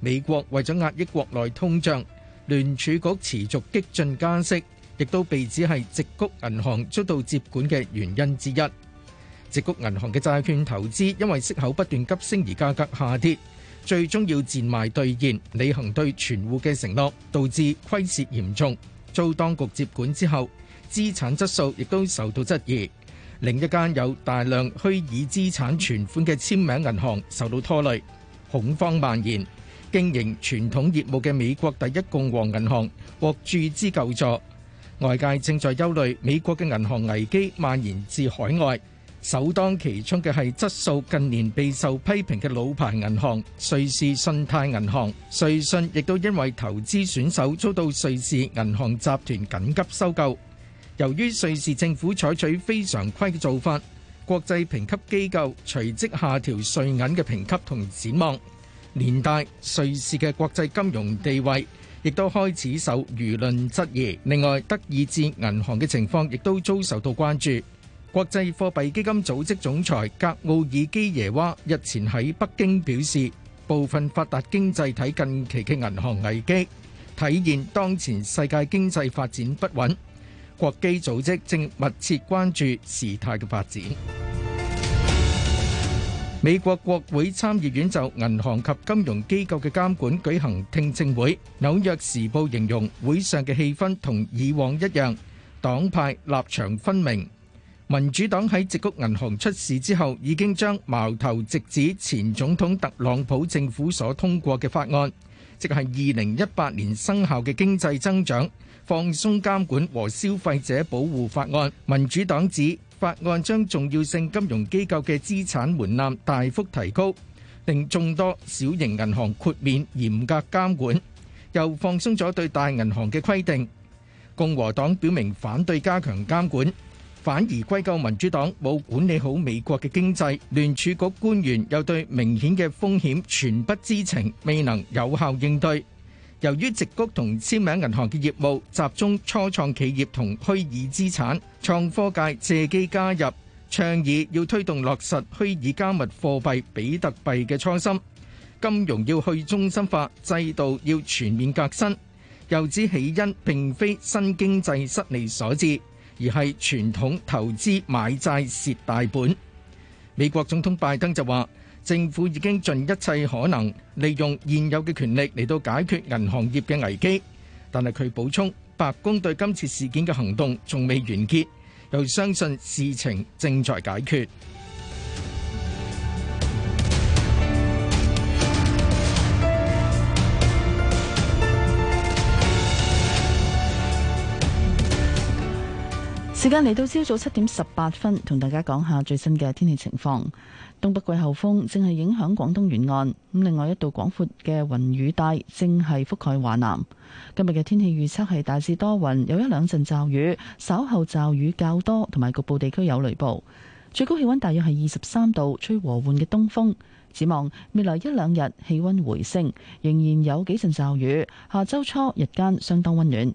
美國為咗壓抑國內通脹，聯儲局持續激進加息，亦都被指係矽谷銀行遭到接管嘅原因之一。矽谷銀行嘅債券投資因為息口不斷急升而價格下跌，最終要賤賣兌現，履行對存戶嘅承諾，導致虧蝕嚴重。遭當局接管之後，資產質素亦都受到質疑。另一間有大量虛擬資產存款嘅簽名銀行受到拖累，恐慌蔓延。經營傳統業務嘅美國第一共和銀行獲注資救助，外界正在憂慮美國嘅銀行危機蔓延至海外，首當其衝嘅係質素近年備受批評嘅老牌銀行瑞士信貸銀行，瑞信亦都因為投資選手遭到瑞士銀行集團緊急收購。由於瑞士政府採取非常規嘅做法，國際評級機構隨即下調瑞銀嘅評級同展望。年代瑞士嘅國際金融地位，亦都開始受輿論質疑。另外，德意志銀行嘅情況亦都遭受到關注。國際貨幣基金組織總裁格奧爾基耶娃日前喺北京表示，部分發達經濟體近期嘅銀行危機體現當前世界經濟發展不穩，國基組織正密切關注事態嘅發展。美國國會參議院就銀行及金融機構嘅監管舉行聽證會。紐約時報形容會上嘅氣氛同以往一樣，黨派立場分明。民主黨喺矽谷銀行出事之後，已經將矛頭直指前總統特朗普政府所通過嘅法案，即係二零一八年生效嘅經濟增長放鬆監管和消費者保護法案。民主黨指，法案將重要性金融機構嘅資產門檻大幅提高，令眾多小型銀行豁免嚴格監管，又放鬆咗對大銀行嘅規定。共和黨表明反對加強監管，反而歸咎民主黨冇管理好美國嘅經濟。聯儲局官員又對明顯嘅風險全不知情，未能有效應對。由於直谷同簽名銀行嘅業務集中初創企業同虛擬資產，創科界借機加入倡議，要推動落實虛擬加密貨幣比特幣嘅創新。金融要去中心化，制度要全面革新。又指起因並非新經濟失利所致，而係傳統投資買債蝕大本。美國總統拜登就話。政府已經盡一切可能，利用現有嘅權力嚟到解決銀行業嘅危機，但係佢補充，白宮對今次事件嘅行動仲未完結，又相信事情正在解決。時間嚟到朝早七點十八分，同大家講下最新嘅天氣情況。東北季候風正係影響廣東沿岸，咁另外一道廣闊嘅雲雨帶正係覆蓋華南。今日嘅天氣預測係大致多雲，有一兩陣驟雨，稍後驟雨較多，同埋局部地區有雷暴。最高氣溫大約係二十三度，吹和緩嘅東風。展望未來一兩日氣溫回升，仍然有幾陣驟雨。下周初日間相當溫暖。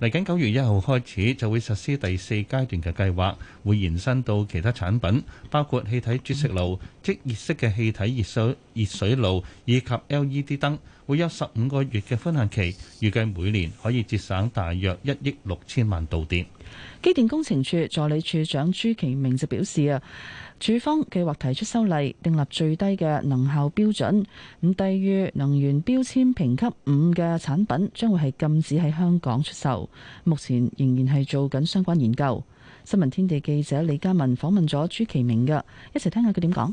嚟緊九月一號開始就會實施第四階段嘅計劃，會延伸到其他產品，包括氣體煮食爐、即熱式嘅氣體熱水熱水爐以及 LED 燈，會有十五個月嘅寬限期，預計每年可以節省大約一億六千萬度電。機電工程處助理處長朱其明就表示啊。署方計劃提出修例，訂立最低嘅能效標準。咁低於能源標籤評級五嘅產品將會係禁止喺香港出售。目前仍然係做緊相關研究。新聞天地記者李家文訪問咗朱其明嘅，一齊聽下佢點講。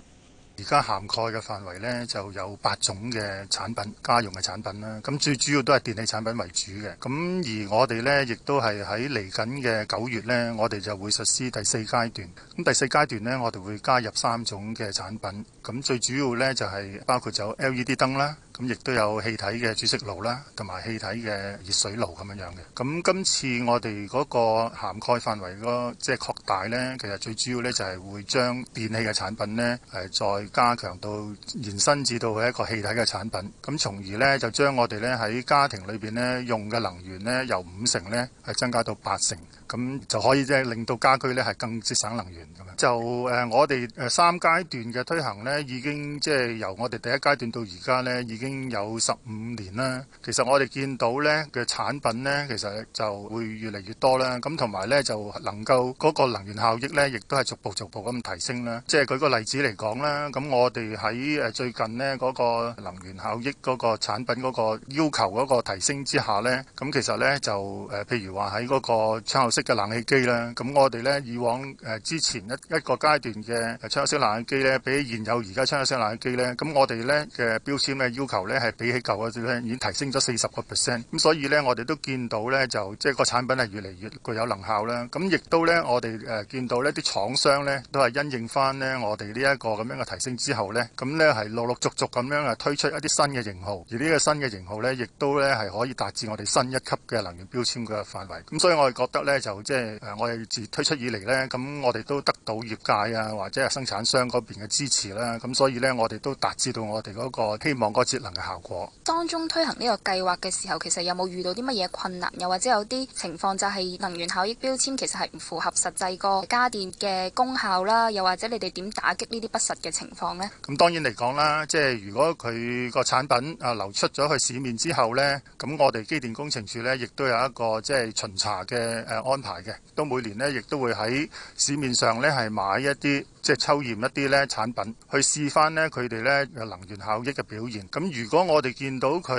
而家涵蓋嘅範圍呢，就有八種嘅產品，家用嘅產品啦。咁最主要都係電器產品為主嘅。咁而我哋呢，亦都係喺嚟緊嘅九月呢，我哋就會實施第四階段。咁第四階段呢，我哋會加入三種嘅產品。咁最主要呢，就係包括有 LED 燈啦。咁亦都有氣體嘅煮食爐啦，同埋氣體嘅熱水爐咁樣樣嘅。咁今次我哋嗰個涵蓋範圍嗰即係擴大呢，其實最主要呢，就係會將電器嘅產品呢，誒再加強到延伸至到一個氣體嘅產品，咁從而呢，就將我哋呢喺家庭裏邊呢用嘅能源呢由五成呢係增加到八成。咁就可以即係令到家居咧係更節省能源咁樣。就誒我哋誒三階段嘅推行咧，已經即係由我哋第一階段到而家咧，已經有十五年啦。其實我哋見到咧嘅產品咧，其實就會越嚟越多啦。咁同埋咧，就能夠嗰個能源效益咧，亦都係逐步逐步咁提升啦。即係舉個例子嚟講啦，咁我哋喺誒最近咧嗰個能源效益嗰個產品嗰個要求嗰個提升之下咧，咁其實咧就誒譬如話喺嗰個窗口式嘅冷氣機啦，咁我哋咧以往誒、呃、之前一一個階段嘅窗式冷氣機咧，比起現有而家窗式冷氣機咧，咁我哋咧嘅標籤嘅要求咧，係比起舊嘅已經提升咗四十個 percent，咁所以咧我哋都見到咧就即係個產品係越嚟越具有能效啦，咁亦都咧我哋誒見到呢啲廠商咧都係因應翻咧我哋呢一個咁樣嘅提升之後咧，咁咧係陸陸續續咁樣啊推出一啲新嘅型號，而呢個新嘅型號咧亦都咧係可以達至我哋新一級嘅能源標籤嘅範圍，咁所以我哋覺得咧就。即係誒，我哋自推出以嚟呢，咁我哋都得到業界啊，或者係生產商嗰邊嘅支持啦、啊。咁所以呢，我哋都達至到我哋嗰個希望嗰節能嘅效果。當中推行呢個計劃嘅時候，其實有冇遇到啲乜嘢困難？又或者有啲情況就係能源效益標籤其實係唔符合實際個家電嘅功效啦？又或者你哋點打擊呢啲不實嘅情況呢？咁當然嚟講啦，即係如果佢個產品啊流出咗去市面之後呢，咁我哋機電工程署呢，亦都有一個即係巡查嘅誒安。牌嘅都每年呢，亦都會喺市面上呢，係買一啲即係抽驗一啲咧產品去試翻呢佢哋呢嘅能源效益嘅表現。咁如果我哋見到佢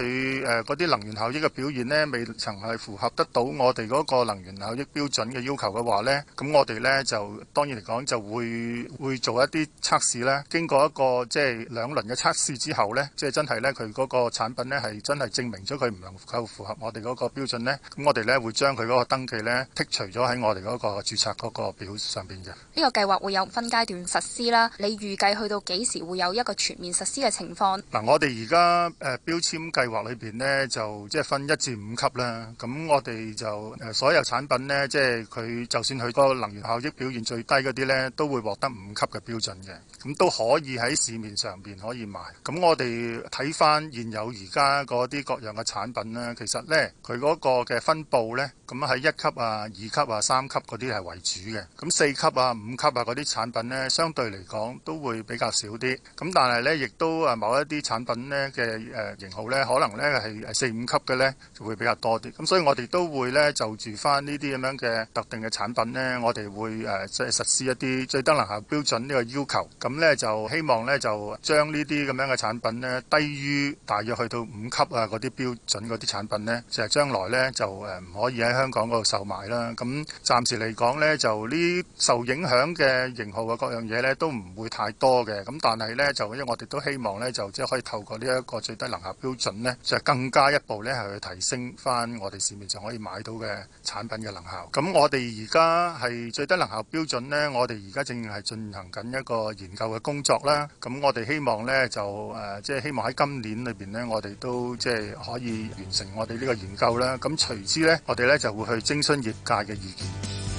誒嗰啲能源效益嘅表現呢，未曾係符合得到我哋嗰個能源效益標準嘅要求嘅話呢，咁我哋呢，就當然嚟講就會會做一啲測試咧。經過一個即係、就是、兩輪嘅測試之後呢，即、就、係、是、真係呢，佢嗰個產品呢，係真係證明咗佢唔能夠符合我哋嗰個標準咧。咁我哋呢，會將佢嗰個登記呢，剔除咗喺我哋嗰個註冊嗰個表上邊嘅。呢個計劃會有分階段實施啦，你預計去到幾時會有一個全面實施嘅情況？嗱，我哋而家誒標籤計劃裏邊咧，就即係分一至五級啦。咁我哋就誒所有產品咧，即係佢就算佢個能源效益表現最低嗰啲咧，都會獲得五級嘅標準嘅。咁都可以喺市面上邊可以賣。咁我哋睇翻現有而家嗰啲各樣嘅產品咧，其實咧佢嗰個嘅分佈咧，咁喺一級啊、二級啊、三級嗰啲係為主嘅。咁四級啊、五級啊嗰啲產品咧，相對嚟講都會比較少啲。咁但係咧，亦都啊某一啲產品咧嘅誒型號咧，可能咧係四五級嘅咧就會比較多啲。咁所以我哋都會咧就住翻呢啲咁樣嘅特定嘅產品咧，我哋會誒即係實施一啲最低能效標準呢個要求咁。咁咧就希望咧就將呢啲咁樣嘅產品咧，低於大約去到五級啊嗰啲標準嗰啲產品咧，就係將來咧就誒唔可以喺香港嗰度售賣啦。咁暫時嚟講咧，就呢受影響嘅型號嘅各樣嘢咧都唔會太多嘅。咁但係咧就因為我哋都希望咧就即係可以透過呢一個最低能效標準咧，就係更加一步咧係去提升翻我哋市面上可以買到嘅產品嘅能效。咁我哋而家係最低能效標準咧，我哋而家正係進行緊一個研究。嘅工作啦，咁我哋希望咧就誒，即係希望喺今年裏邊咧，我哋都即係可以完成我哋呢個研究啦。咁隨之咧，我哋咧就會去徵詢業界嘅意見。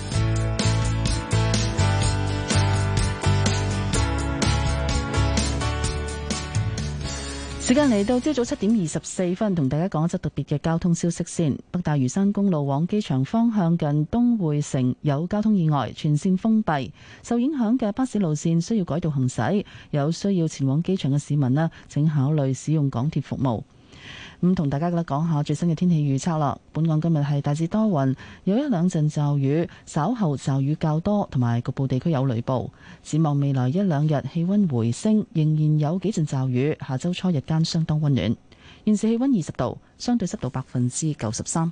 時間嚟到朝早七點二十四分，同大家講一則特別嘅交通消息先。北大嶼山公路往機場方向近東匯城有交通意外，全線封閉，受影響嘅巴士路線需要改道行駛。有需要前往機場嘅市民呢，請考慮使用港鐵服務。咁同大家咧，講下最新嘅天氣預測啦。本港今日係大致多雲，有一兩陣驟雨，稍後驟雨較多，同埋局部地區有雷暴。展望未來一兩日氣溫回升，仍然有幾陣驟雨。下週初日間相當溫暖。現時氣溫二十度，相對濕度百分之九十三。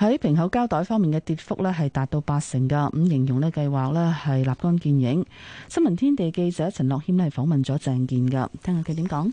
喺瓶口膠袋方面嘅跌幅咧，係達到八成噶。咁形容咧，計劃呢，係立竿見影。新聞天地記者陳樂謙呢，係訪問咗鄭健噶，聽下佢點講。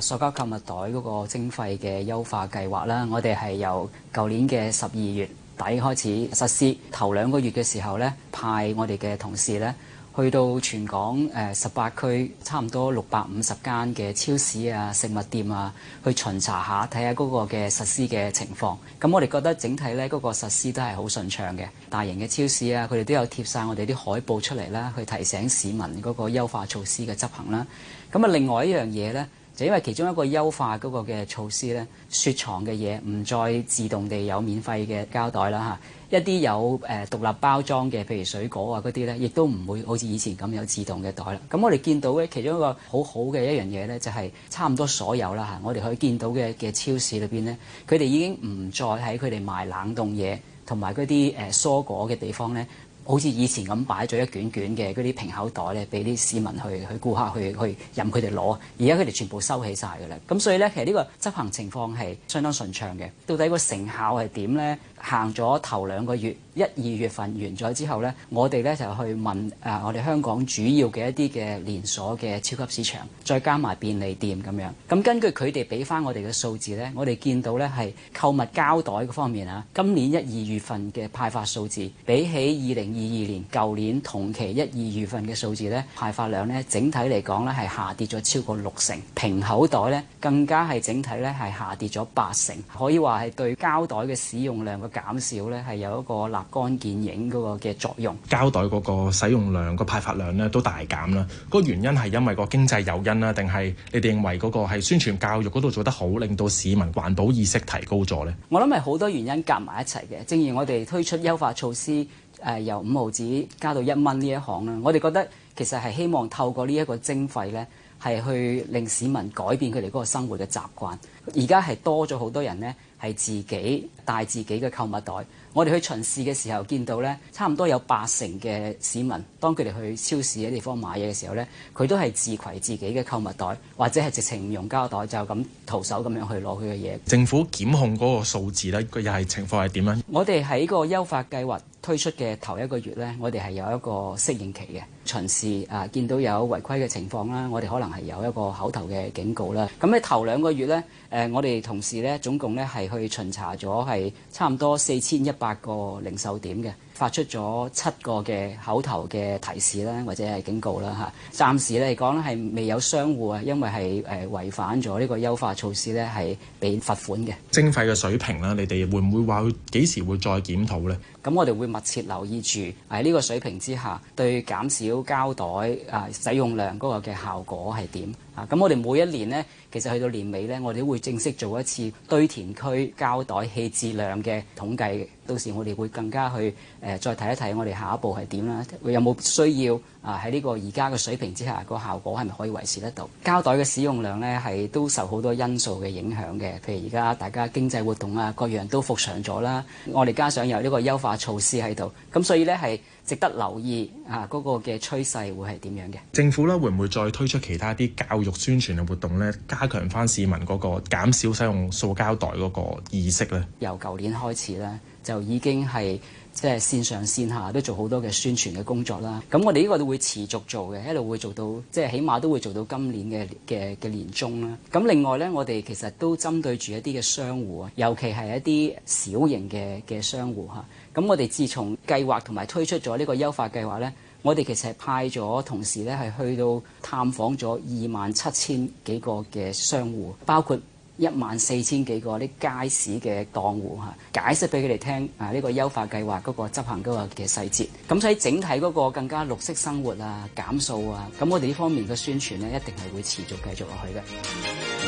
塑膠購物袋嗰個徵費嘅優化計劃啦，我哋係由舊年嘅十二月底開始實施，頭兩個月嘅時候呢，派我哋嘅同事呢，去到全港誒十八區，差唔多六百五十間嘅超市啊、食物店啊，去巡查下，睇下嗰個嘅實施嘅情況。咁我哋覺得整體呢，嗰個實施都係好順暢嘅。大型嘅超市啊，佢哋都有貼晒我哋啲海報出嚟啦，去提醒市民嗰個優化措施嘅執行啦。咁啊，另外一樣嘢呢，就因為其中一個優化嗰個嘅措施呢，雪藏嘅嘢唔再自動地有免費嘅膠袋啦嚇。一啲有誒獨立包裝嘅，譬如水果啊嗰啲呢，亦都唔會好似以前咁有自動嘅袋啦。咁我哋見到嘅其中一個好好嘅一樣嘢呢，就係差唔多所有啦嚇，我哋可以見到嘅嘅超市裏邊呢，佢哋已經唔再喺佢哋賣冷凍嘢同埋嗰啲誒蔬果嘅地方呢，好似以前咁擺咗一卷卷嘅嗰啲平口袋咧，俾啲市民去去顧客去去任佢哋攞，而家佢哋全部收起晒㗎啦。咁所以咧，其實呢個執行情況係相當順暢嘅。到底個成效係點咧？行咗頭兩個月，一二月份完咗之後咧，我哋咧就去問誒、呃、我哋香港主要嘅一啲嘅連鎖嘅超級市場，再加埋便利店咁樣。咁根據佢哋俾翻我哋嘅數字咧，我哋見到咧係購物膠袋嘅方面啊，今年一二月份嘅派發數字比起二零二二年，舊年同期一二月份嘅數字咧，派發量咧，整體嚟講咧，係下跌咗超過六成。平口袋咧，更加係整體咧係下跌咗八成，可以話係對膠袋嘅使用量嘅減少咧，係有一個立竿見影嗰個嘅作用。膠袋嗰個使用量個派發量咧都大減啦。個原因係因為個經濟誘因啦，定係你哋認為嗰個係宣傳教育嗰度做得好，令到市民環保意識提高咗呢？我諗係好多原因夾埋一齊嘅。正如我哋推出優化措施。誒、呃、由五毫紙加到一蚊呢一行啦，我哋覺得其實係希望透過呢一個徵費咧，係去令市民改變佢哋嗰個生活嘅習慣，而家係多咗好多人咧，係自己帶自己嘅購物袋。我哋去巡視嘅時候見到咧，差唔多有八成嘅市民當佢哋去超市嘅地方買嘢嘅時候咧，佢都係自攜自己嘅購物袋，或者係直情唔用膠袋就咁徒手咁樣去攞佢嘅嘢。政府檢控嗰個數字咧，佢又係情況係點樣？我哋喺個優化計劃推出嘅頭一個月呢，我哋係有一個適應期嘅。巡視啊，見到有違規嘅情況啦，我哋可能係有一個口頭嘅警告啦。咁喺頭兩個月呢，誒、啊，我哋同事呢，總共呢，係去巡查咗係差唔多四千一百個零售點嘅。發出咗七個嘅口頭嘅提示啦，或者係警告啦嚇。暫時嚟講咧，係未有商戶啊，因為係誒違反咗呢個優化措施咧，係俾罰款嘅徵費嘅水平啦。你哋會唔會話佢幾時會再檢討呢？咁我哋會密切留意住喺呢個水平之下，對減少膠袋啊使用量嗰個嘅效果係點？啊！咁我哋每一年呢，其實去到年尾呢，我哋會正式做一次堆填區膠袋棄置量嘅統計。到時我哋會更加去誒、呃、再睇一睇，我哋下一步係點啦？會有冇需要？啊，喺呢個而家嘅水平之下，個效果係咪可以維持得到？膠袋嘅使用量呢，係都受好多因素嘅影響嘅。譬如而家大家經濟活動啊，各樣都復常咗啦。我哋加上有呢個優化措施喺度，咁所以呢，係值得留意啊，嗰個嘅趨勢會係點樣嘅？政府呢，會唔會再推出其他啲教育宣傳嘅活動呢？加強翻市民嗰個減少使用塑膠袋嗰個意識呢？由舊年開始呢，就已經係即係線上線下都做好多嘅宣傳嘅工作啦。咁我哋呢個都會持續做嘅，一路會做到即係起碼都會做到今年嘅嘅嘅年終啦。咁另外呢，我哋其實都針對住一啲嘅商戶啊，尤其係一啲小型嘅嘅商戶嚇。咁我哋自從計劃同埋推出咗呢個優化計劃呢，我哋其實係派咗同事呢，係去到探訪咗二萬七千幾個嘅商戶，包括。一萬四千幾個啲街市嘅檔戶嚇，解釋俾佢哋聽啊，呢個優化計劃嗰個執行嗰個嘅細節。咁所以整體嗰個更加綠色生活啊，減數啊，咁我哋呢方面嘅宣傳咧，一定係會持續繼續落去嘅。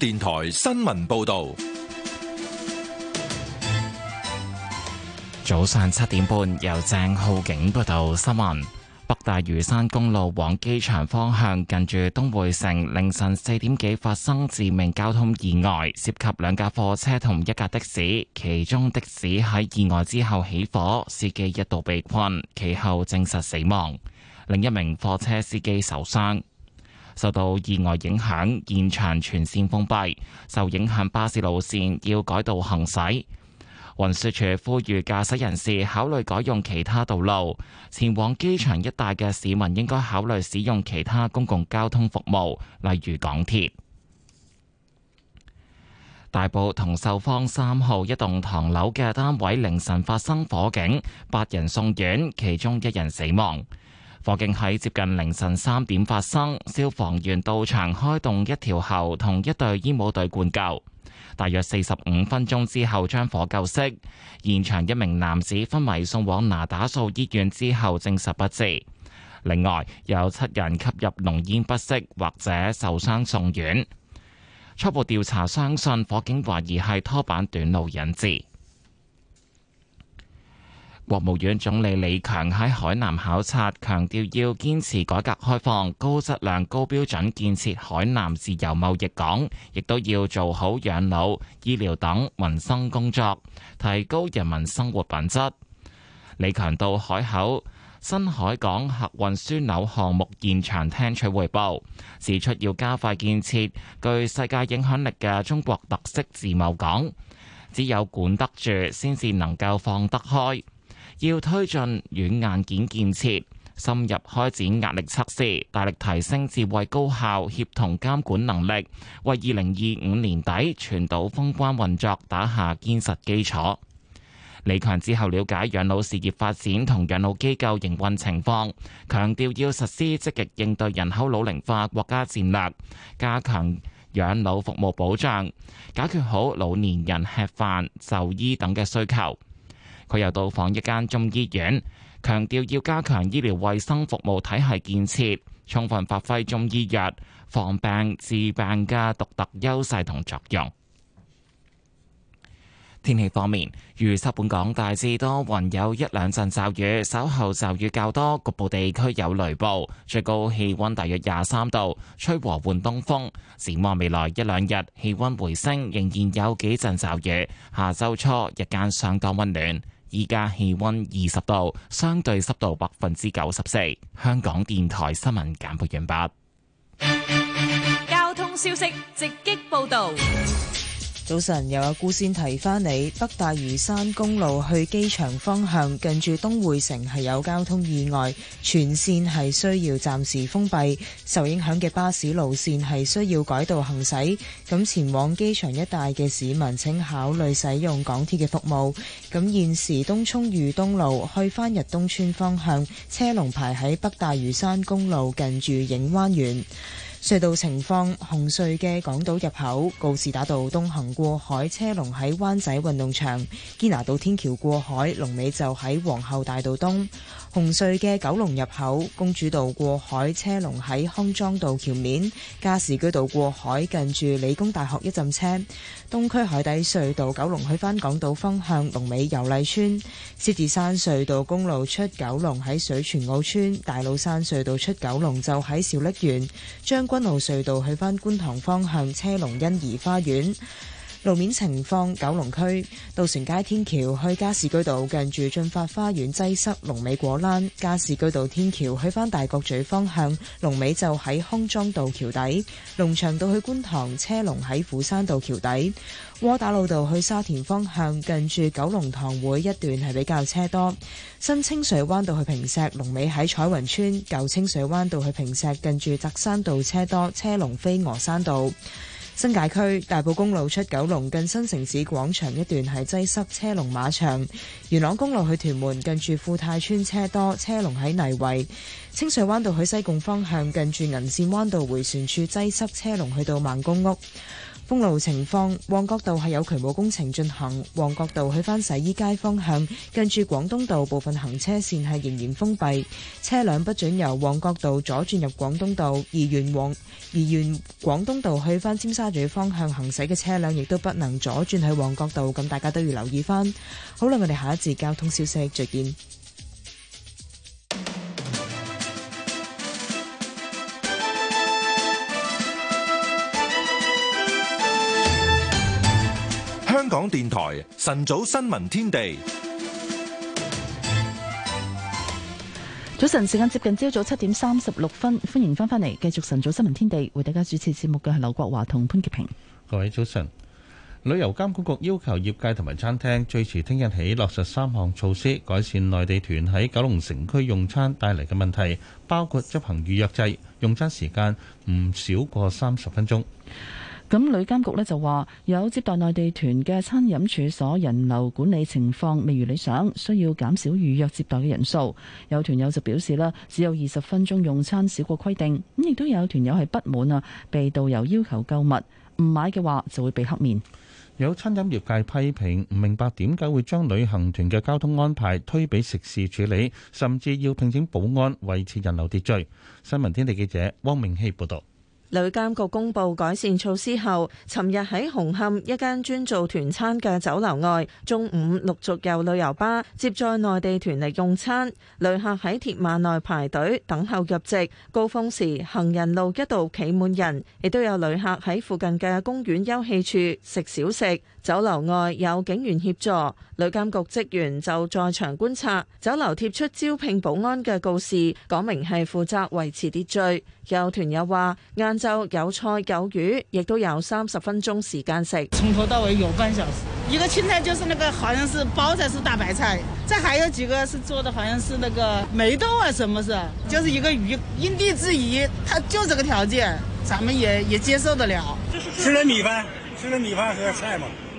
電台新聞報道：早上七點半，由鄭浩景報道新聞。北大嶼山公路往機場方向，近住東薈城，凌晨四點幾發生致命交通意外，涉及兩架貨車同一架的士，其中的士喺意外之後起火，司機一度被困，其後證實死亡，另一名貨車司機受傷。受到意外影響，現場全線封閉。受影響巴士路線要改道行駛。運輸署呼籲駕駛人士考慮改用其他道路。前往機場一帶嘅市民應該考慮使用其他公共交通服務，例如港鐵。大埔同秀坊三號一棟唐樓嘅單位凌晨發生火警，八人送院，其中一人死亡。火警喺接近凌晨三點發生，消防員到場開動一條喉，同一隊煙霧隊灌救，大約四十五分鐘之後將火救熄。現場一名男子昏迷送往拿打素醫院之後證實不治，另外有七人吸入濃煙不適或者受傷送院。初步調查相信火警懷疑係拖板短路引致。國務院總理李強喺海南考察，強調要堅持改革開放、高質量高標準建設海南自由貿易港，亦都要做好養老、醫療等民生工作，提高人民生活品質。李強到海口新海港客運樞紐項目現場聽取匯報，指出要加快建設具世界影響力嘅中國特色自貿港，只有管得住，先至能夠放得開。要推進軟硬件建設，深入開展壓力測試，大力提升智慧高效協同監管能力，為二零二五年底全島封關運作打下堅實基礎。李強之後了解養老事業發展同養老機構營運情況，強調要實施積極應對人口老齡化國家戰略，加強養老服務保障，解決好老年人吃飯、就醫等嘅需求。佢又到訪一間中醫院，強調要加強醫療衛生服務體系建設，充分發揮中醫藥防病治病嘅獨特優勢同作用。天氣方面，預測本港大致多雲，有一兩陣驟雨，稍後驟雨較多，局部地區有雷暴，最高氣温大約廿三度，吹和緩東風。展望未來一兩日，氣温回升，仍然有幾陣驟雨，下周初日間相當温暖。依家氣温二十度，相對濕度百分之九十四。香港電台新聞簡報完畢。交通消息直擊報道。早晨，又有孤線提翻你，北大嶼山公路去機場方向，近住東薈城係有交通意外，全線係需要暫時封閉，受影響嘅巴士路線係需要改道行駛，咁前往機場一帶嘅市民請考慮使用港鐵嘅服務，咁現時東涌裕東路去番日東村方向，車龍排喺北大嶼山公路近住影灣園。隧道情況：紅隧嘅港島入口，告士打道東行過海，車龍喺灣仔運動場，堅拿道天橋過海，龍尾就喺皇后大道東。紅隧嘅九龍入口，公主道過海車龍喺康莊道橋面，加士居道過海近住理工大學一陣車。東區海底隧道九龍去返港島方向龍尾油麗村獅子山隧道公路出九龍喺水泉澳村，大老山隧道出九龍就喺小瀝源，將軍澳隧道去返觀塘方向車龍，欣怡花園。路面情況：九龍區渡船街天橋去加士居道近住俊發花園擠塞，龍尾果欄；加士居道天橋去返大角咀方向，龍尾就喺康莊道橋底；龍翔道去觀塘車龍喺斧山道橋底；窩打老道去沙田方向近住九龍塘會一段係比較車多；新清水灣道去平石龍尾喺彩雲村，舊清水灣道去平石近住澤山道車多，車龍飛鵝山道。新界區大埔公路出九龍近新城市廣場一段係擠塞，車龍馬場元朗公路去屯門近住富泰村車多車龍喺泥圍清水灣道去西貢方向近住銀綫灣道回旋處擠塞，車龍去到孟公屋。封路情況，旺角道係有渠務工程進行，旺角道去返洗衣街方向，近住廣東道部分行車線係仍然封閉，車輛不准由旺角道左轉入廣東道，而沿往。而沿廣東道去返尖沙咀方向行駛嘅車輛亦都不能左轉去旺角道，咁大家都要留意翻。好啦，我哋下一節交通消息再見。港電台晨早新聞天地，早晨時間接近朝早七點三十六分，歡迎翻返嚟，繼續晨早新聞天地，為大家主持節目嘅係劉國華同潘潔平。各位早晨，旅遊監管局要求業界同埋餐廳，最遲聽日起落實三項措施，改善內地團喺九龍城區用餐帶嚟嘅問題，包括執行預約制、用餐時間唔少過三十分鐘。咁旅監局呢就話，有接待內地團嘅餐飲處所人流管理情況未如理想，需要減少預約接待嘅人數。有團友就表示啦，只有二十分鐘用餐少過規定。咁亦都有團友係不滿啊，被導遊要求購物，唔買嘅話就會被黑面。有餐飲業界批評，唔明白點解會將旅行團嘅交通安排推俾食肆處理，甚至要聘請保安維持人流秩序。新聞天地記者汪明熙報道。旅監局公布改善措施後，尋日喺紅磡一間專做團餐嘅酒樓外，中午陸續有旅遊巴接載內地團嚟用餐，旅客喺鐵馬內排隊等候入席，高峰時行人路一度企滿人，亦都有旅客喺附近嘅公園休憩處食小食。酒樓外有警員協助，旅監局職員就在場觀察。酒樓貼出招聘保安嘅告示，講明係負責維持秩序。有團友話：晏晝有菜有魚，亦都有三十分鐘時間食。從頭到尾有半小時。一個青菜就是那個，好像是包菜，是大白菜。再還有幾個是做的，好像是那個梅豆啊，什麼是？就是一個魚，因地制宜，他就這個條件，咱們也也接受得了。吃了米飯，吃了米飯和菜嘛。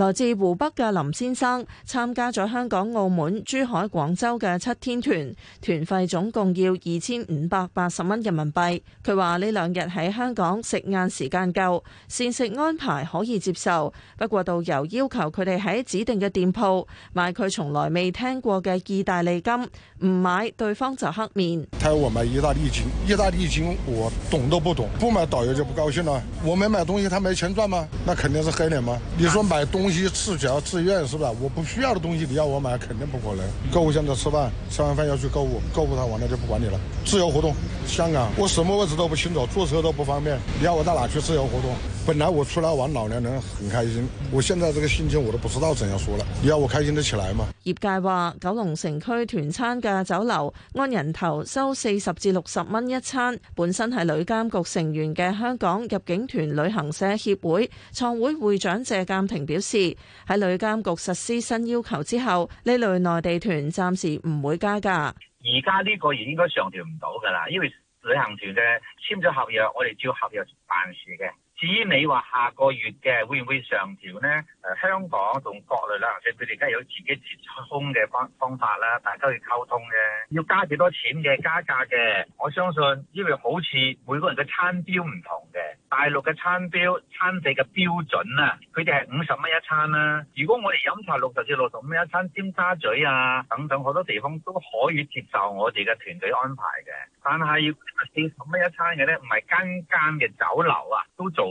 來自湖北嘅林先生參加咗香港、澳門、珠海、廣州嘅七天團，團費總共要二千五百八十蚊人民幣。佢話呢兩日喺香港食晏時間夠，膳食安排可以接受，不過導遊要求佢哋喺指定嘅店鋪買佢從來未聽過嘅意大利金，唔買對方就黑面。睇我買意大利金，意大利金我懂都不懂，不買導遊就不高興了。我唔買東西，他冇錢賺嘛。那肯定是黑臉嘛。你說買東西自覺自願，是不是？我不需要的東西，你要我買，肯定不可能。購物現在吃飯，吃完飯要去購物，購物他完了就不管你了。自由活動，香港我什麼位置都不清楚，坐車都不方便。你要我到哪去自由活動？本來我出來玩老年人很開心，我現在這個心情我都不知道怎樣說了。你要我開心得起來嗎？業界話九龍城區團餐的酒樓按人頭收四十至六十蚊一餐，本身係旅監局成員嘅香港入境團旅行社協會創會會長謝鑒庭表示。喺旅監局實施新要求之後，呢類內地團暫時唔會加價。而家呢個月應該上調唔到噶啦，因為旅行團咧簽咗合約，我哋照合約辦事嘅。至於你話下個月嘅會唔會上調呢？誒、呃、香港同國內旅行社佢哋梗係有自己節控嘅方方法啦，大家去溝通嘅，要加幾多錢嘅加價嘅。我相信，因為好似每個人嘅餐標唔同嘅，大陸嘅餐標餐費嘅標準啊，佢哋係五十蚊一餐啦、啊。如果我哋飲茶六十至六十蚊一餐，尖沙咀啊等等好多地方都可以接受我哋嘅團隊安排嘅。但係要四十蚊一餐嘅咧，唔係間間嘅酒樓啊都做。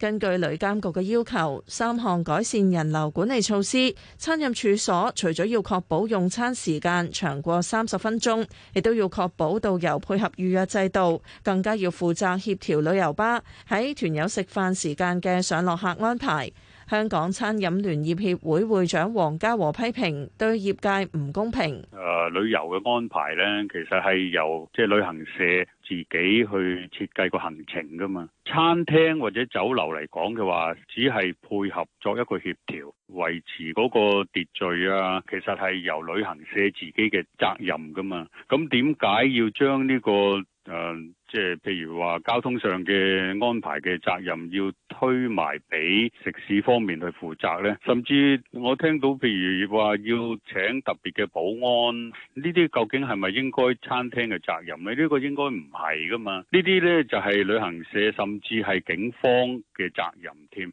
根據旅監局嘅要求，三項改善人流管理措施：餐飲處所除咗要確保用餐時間長過三十分鐘，亦都要確保導遊配合預約制度，更加要負責協調旅遊巴喺團友食飯時間嘅上落客安排。香港餐飲聯業協會會長黃家和批評對業界唔公平。誒、呃、旅遊嘅安排咧，其實，係由即係旅行社自己去設計個行程噶嘛。餐廳或者酒樓嚟講嘅話，只係配合作一個協調，維持嗰個秩序啊。其實，係由旅行社自己嘅責任噶嘛。咁點解要將呢、這個誒、呃即係譬如話交通上嘅安排嘅責任要推埋俾食肆方面去負責咧，甚至我聽到譬如話要請特別嘅保安，呢啲究竟係咪應該餐廳嘅責任咧？呢、呢個應該唔係噶嘛，呢啲咧就係、是、旅行社甚至係警方嘅責任添。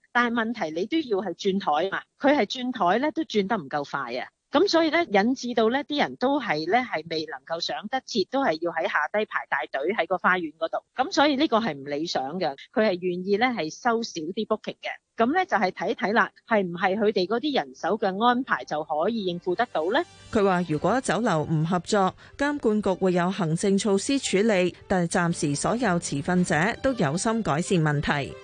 但係問題，你都要係轉枱啊嘛，佢係轉枱咧都轉得唔夠快啊，咁所以咧引致到咧啲人都係咧係未能夠上得切，都係要喺下低排大隊喺個花園嗰度，咁所以呢個係唔理想嘅，佢係願意咧係收少啲 booking 嘅，咁咧就係睇睇啦，係唔係佢哋嗰啲人手嘅安排就可以應付得到咧？佢話如果酒樓唔合作，監管局會有行政措施處理，但係暫時所有持份者都有心改善問題。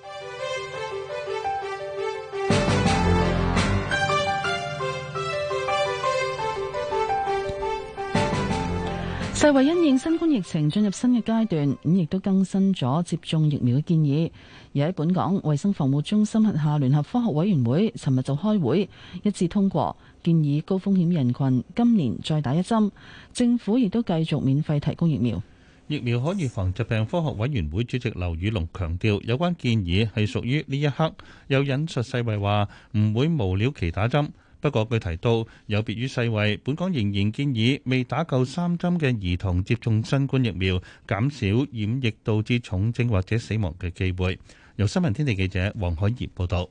世衛因應新冠疫情進入新嘅階段，咁亦都更新咗接種疫苗嘅建議。而喺本港，衛生防護中心轄下聯合科學委員會尋日就開會，一致通過建議高風險人群今年再打一針。政府亦都繼續免費提供疫苗。疫苗可預防疾病科學委員會主席劉宇龍強調，有關建議係屬於呢一刻。有引述世衛話唔會無了期打針。不過，佢提到有別於世衞，本港仍然建議未打夠三針嘅兒童接種新冠疫苗，減少染疫導致重症或者死亡嘅機會。由新聞天地記者黃海怡報道。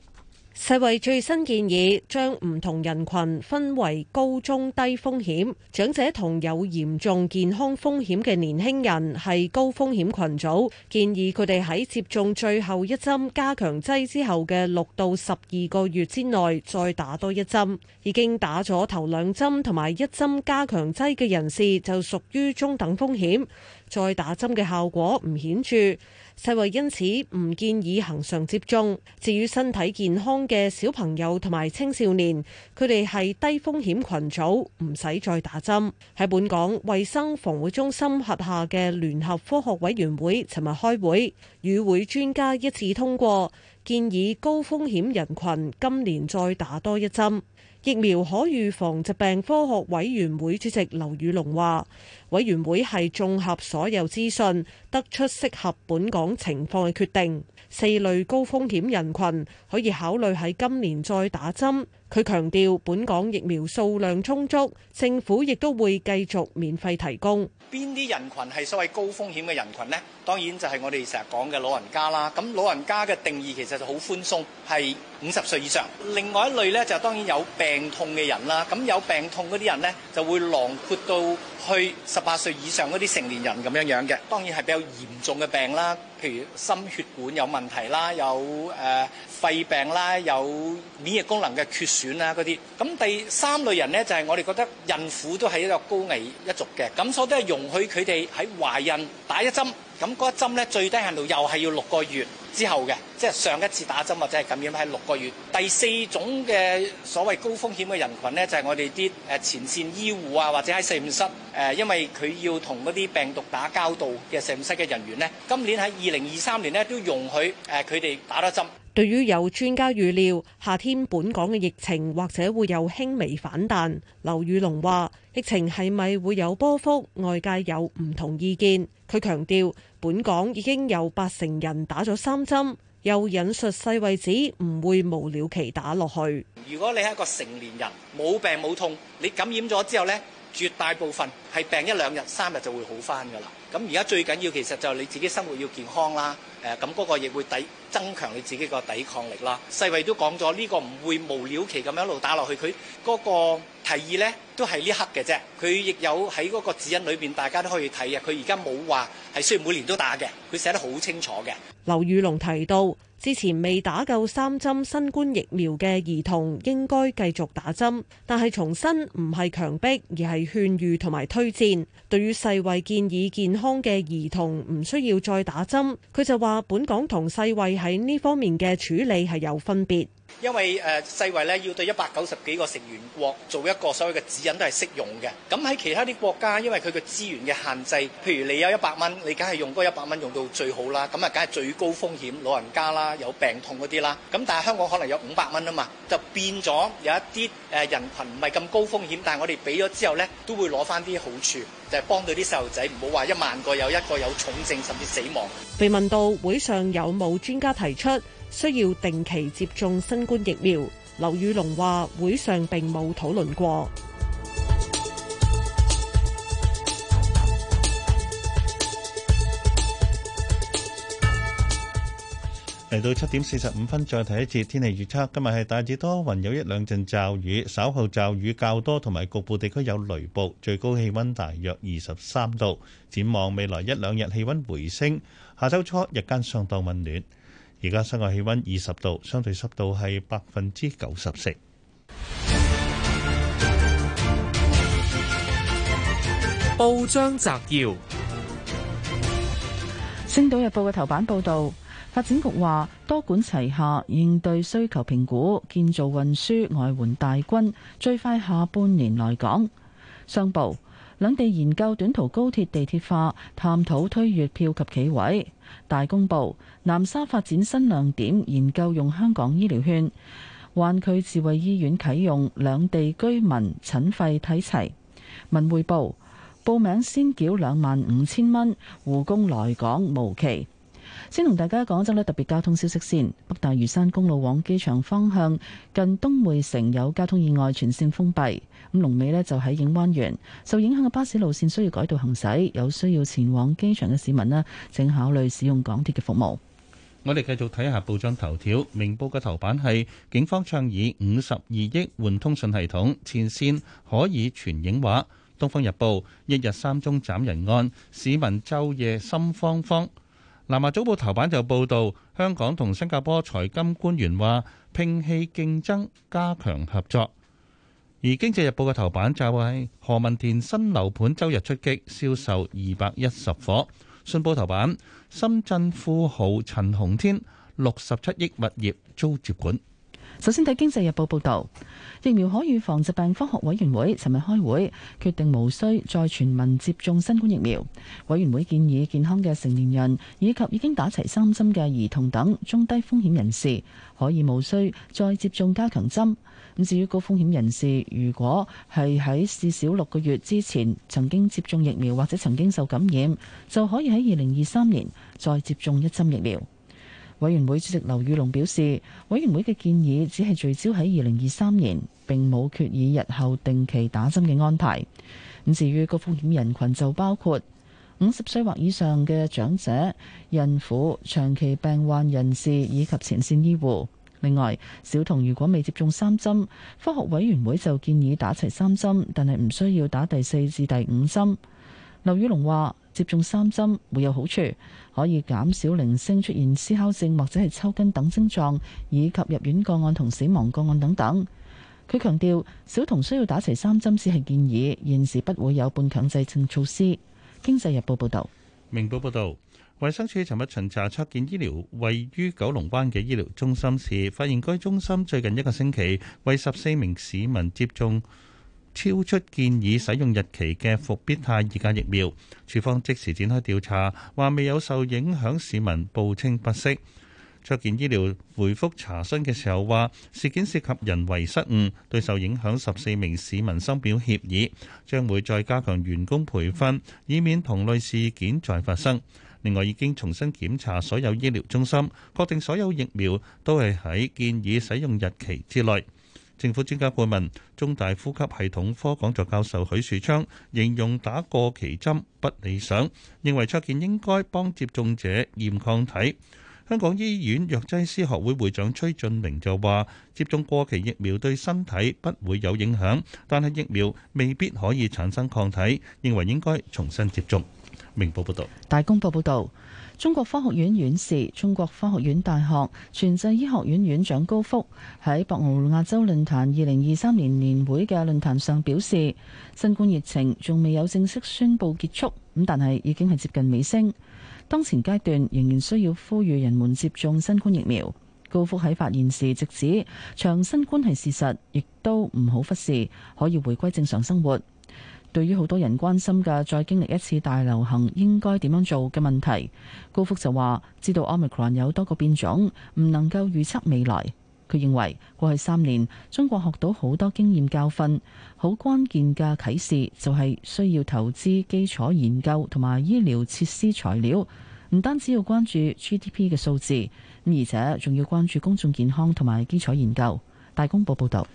世衛最新建議將唔同人群分為高、中、低風險。長者同有嚴重健康風險嘅年輕人係高風險群組，建議佢哋喺接種最後一針加強劑之後嘅六到十二個月之內再打多一針。已經打咗頭兩針同埋一針加強劑嘅人士就屬於中等風險，再打針嘅效果唔顯著。世衛因此唔建議恆常接種。至於身體健康嘅小朋友同埋青少年，佢哋係低風險群組，唔使再打針。喺本港衛生防護中心轄下嘅聯合科學委員會尋日開會，與會專家一致通過建議高風險人群今年再打多一針。疫苗可預防疾病科學委員會主席劉宇龍話：委員會係綜合所有資訊，得出適合本港情況嘅決定。四類高風險人群可以考慮喺今年再打針。佢強調，本港疫苗數量充足，政府亦都會繼續免費提供。邊啲人群係所謂高風險嘅人群呢？當然就係我哋成日講嘅老人家啦。咁老人家嘅定義其實就好寬鬆，係五十歲以上。另外一類咧就當然有病痛嘅人啦。咁有病痛嗰啲人咧就會囊括到去十八歲以上嗰啲成年人咁樣樣嘅。當然係比較嚴重嘅病啦，譬如心血管有問題啦，有誒，呃肺病啦，有免疫功能嘅缺損啦，嗰啲咁第三類人咧，就係我哋覺得孕婦都係一個高危一族嘅咁，所以都係容許佢哋喺懷孕打一針咁，嗰一針咧，最低限度又係要六個月之後嘅，即係上一次打針或者係咁樣，喺六個月。第四種嘅所謂高風險嘅人群咧，就係我哋啲誒前線醫護啊，或者喺實驗室誒，因為佢要同嗰啲病毒打交道嘅實驗室嘅人員咧，今年喺二零二三年咧都容許誒佢哋打多針。對於有專家預料夏天本港嘅疫情或者會有輕微反彈，劉宇龍話：疫情係咪會有波幅？外界有唔同意見。佢強調，本港已經有八成人打咗三針，又引述世衛指唔會無了期打落去。如果你係一個成年人，冇病冇痛，你感染咗之後呢，絕大部分係病一兩日、三日就會好翻㗎啦。咁而家最緊要其實就係你自己生活要健康啦，誒咁嗰個亦會抵增強你自己個抵抗力啦。世衛都講咗呢個唔會無了期咁樣一路打落去，佢嗰個提議咧都係呢刻嘅啫。佢亦有喺嗰個指引裏邊，大家都可以睇嘅。佢而家冇話係需要每年都打嘅，佢寫得好清楚嘅。劉宇龍提到。之前未打夠三針新冠疫苗嘅兒童應該繼續打針，但係重申唔係強迫，而係勸喻同埋推薦，對於世衛建議健康嘅兒童唔需要再打針，佢就話本港同世衛喺呢方面嘅處理係有分別。因為誒世衞咧要對一百九十幾個成員國做一個所謂嘅指引都係適用嘅。咁喺其他啲國家，因為佢嘅資源嘅限制，譬如你有一百蚊，你梗係用嗰一百蚊用到最好啦。咁啊，梗係最高風險老人家啦，有病痛嗰啲啦。咁但係香港可能有五百蚊啊嘛，就變咗有一啲誒人群唔係咁高風險，但係我哋俾咗之後咧，都會攞翻啲好處，就係、是、幫到啲細路仔，唔好話一萬個有一個有重症甚至死亡。被問到會上有冇專家提出？需要定期接種新冠疫苗。劉宇龍話：會上並冇討論過。嚟到七點四十五分，再睇一次天氣預測。今日係大致多雲，有一兩陣驟雨，稍後驟雨較多，同埋局部地區有雷暴。最高氣溫大約二十三度。展望未來一兩日氣溫回升，下周初日間相當溫暖。而家室外氣溫二十度，相對濕度係百分之九十四。報章摘要：《星島日報》嘅頭版報導，發展局話多管齊下應對需求評估，建造運輸外援大軍，最快下半年來港。商報：兩地研究短途高鐵地鐵化，探討推月票及企位。大公報。南沙發展新亮點，研究用香港醫療券。灣區智慧醫院啓用，兩地居民診費睇齊。文匯報，報名先繳兩萬五千蚊，護工來港無期。先同大家講真呢，特別交通消息先。北大嶼山公路往機場方向近東薈城有交通意外，全線封閉。咁龍尾呢就喺映灣園，受影響嘅巴士路線需要改道行駛。有需要前往機場嘅市民呢，請考慮使用港鐵嘅服務。我哋繼續睇下報章頭條。明報嘅頭版係警方倡議五十二億換通訊系統，前線可以全影畫。《東方日報》一日三宗斬人案，市民晝夜心慌慌。《南華早報》頭版就報道，香港同新加坡財金官員話，摒棄競爭，加強合作。而《經濟日報》嘅頭版就係何文田新樓盤周日出擊，銷售二百一十伙。《信報》頭版。深圳富豪陳洪天六十七億物業遭接管。首先睇《經濟日報》報道，疫苗可預防疾病科學委員會尋日開會，決定無需再全民接種新冠疫苗。委員會建議，健康嘅成年人以及已經打齊三針嘅兒童等中低風險人士，可以無需再接種加強針。咁至於高風險人士，如果係喺至少六個月之前曾經接種疫苗或者曾經受感染，就可以喺二零二三年再接種一針疫苗。委員會主席劉宇龍表示，委員會嘅建議只係聚焦喺二零二三年，並冇決議日後定期打針嘅安排。咁至於高風險人群就包括五十歲或以上嘅長者、孕婦、長期病患人士以及前線醫護。另外，小童如果未接種三針，科學委員會就建議打齊三針，但係唔需要打第四至第五針。劉宇龍話接種三針會有好處，可以減少零星出現思考症或者係抽筋等症狀以及入院個案同死亡個案等等。佢強調小童需要打齊三針只係建議，現時不會有半強制性措施。經濟日報報道，明報報道。衛生署尋日巡查卓健醫療，位於九龍灣嘅醫療中心時，發現該中心最近一個星期為十四名市民接種超出建議使用日期嘅復必泰二價疫苗，署方即時展開調查。話未有受影響市民報稱不適。卓健醫療回覆查詢嘅時候話，事件涉及人為失誤，對受影響十四名市民深表歉意，將會再加強員工培訓，以免同類事件再發生。另外，已經重新檢查所有醫療中心，確定所有疫苗都係喺建議使用日期之內。政府專家顧問、中大呼吸系統科講座教授許樹昌形容打過期針不理想，認為卓健應該幫接種者驗抗體。香港醫院藥劑師學會會長崔俊明就話，接種過期疫苗對身體不會有影響，但係疫苗未必可以產生抗體，認為應該重新接種。明報報導，大公報報道，中國科學院院士、中國科學院大學全制醫學院院長高福喺博鰲亞洲論壇二零二三年年會嘅論壇上表示，新冠疫情仲未有正式宣布結束，咁但係已經係接近尾聲。當前階段仍然需要呼籲人們接種新冠疫苗。高福喺發言時直指，長新冠係事實，亦都唔好忽視，可以回歸正常生活。對於好多人關心嘅再經歷一次大流行應該點樣做嘅問題，高福就話：知道 Omicron 有多個變種，唔能夠預測未來。佢認為過去三年中國學到好多經驗教訓，好關鍵嘅啟示就係需要投資基礎研究同埋醫療設施材料，唔單止要關注 GDP 嘅數字，而且仲要關注公眾健康同埋基礎研究。大公報報道。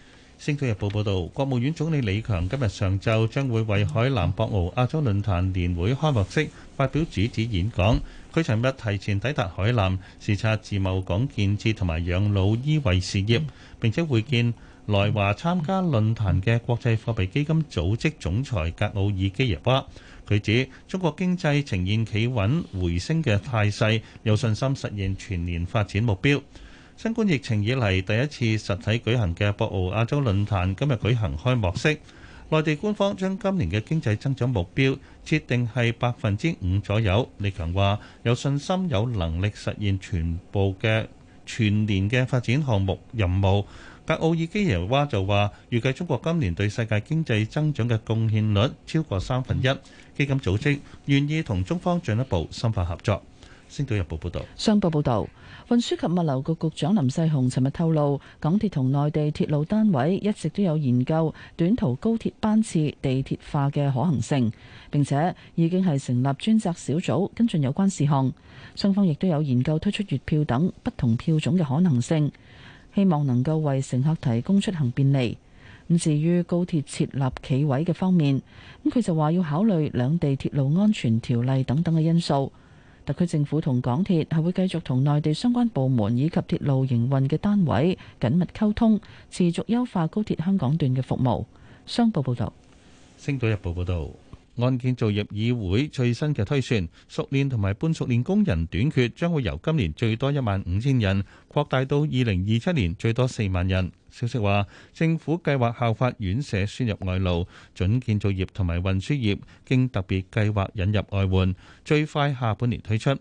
《星島日報》報導，國務院總理李強今日上晝將會為海南博鰲亞洲論壇年會開幕式發表主旨演講。佢尋日提前抵達海南，視察自貿港建設同埋養老醫衛事業，並且會見來華參加論壇嘅國際貨幣基金組織總裁格奧爾基耶娃。佢指中國經濟呈現企穩回升嘅態勢，有信心實現全年發展目標。新冠疫情以嚟第一次實體舉行嘅博鰲亞洲論壇今日舉行開幕式，內地官方將今年嘅經濟增長目標設定係百分之五左右。李強話有信心有能力實現全部嘅全年嘅發展項目任務，格奧爾基耶娃就話預計中國今年對世界經濟增長嘅貢獻率超過三分一，基金組織願意同中方進一步深化合作。星島日報報道。商報報導。運輸及物流局局長林世雄尋日透露，港鐵同內地鐵路單位一直都有研究短途高鐵班次地鐵化嘅可行性，並且已經係成立專責小組跟進有關事項。雙方亦都有研究推出月票等不同票種嘅可能性，希望能夠為乘客提供出行便利。咁至於高鐵設立企位嘅方面，咁佢就話要考慮兩地鐵路安全條例等等嘅因素。特區政府同港鐵係會繼續同內地相關部門以及鐵路營運嘅單位緊密溝通，持續優化高鐵香港段嘅服務。商報報道，星島日報報道。按建造業議會最新嘅推算，熟練同埋半熟練工人短缺，將會由今年最多一萬五千人擴大到二零二七年最多四萬人。消息話，政府計劃效法院舍輸入外勞，准建造業同埋運輸業經特別計劃引入外援，最快下半年推出。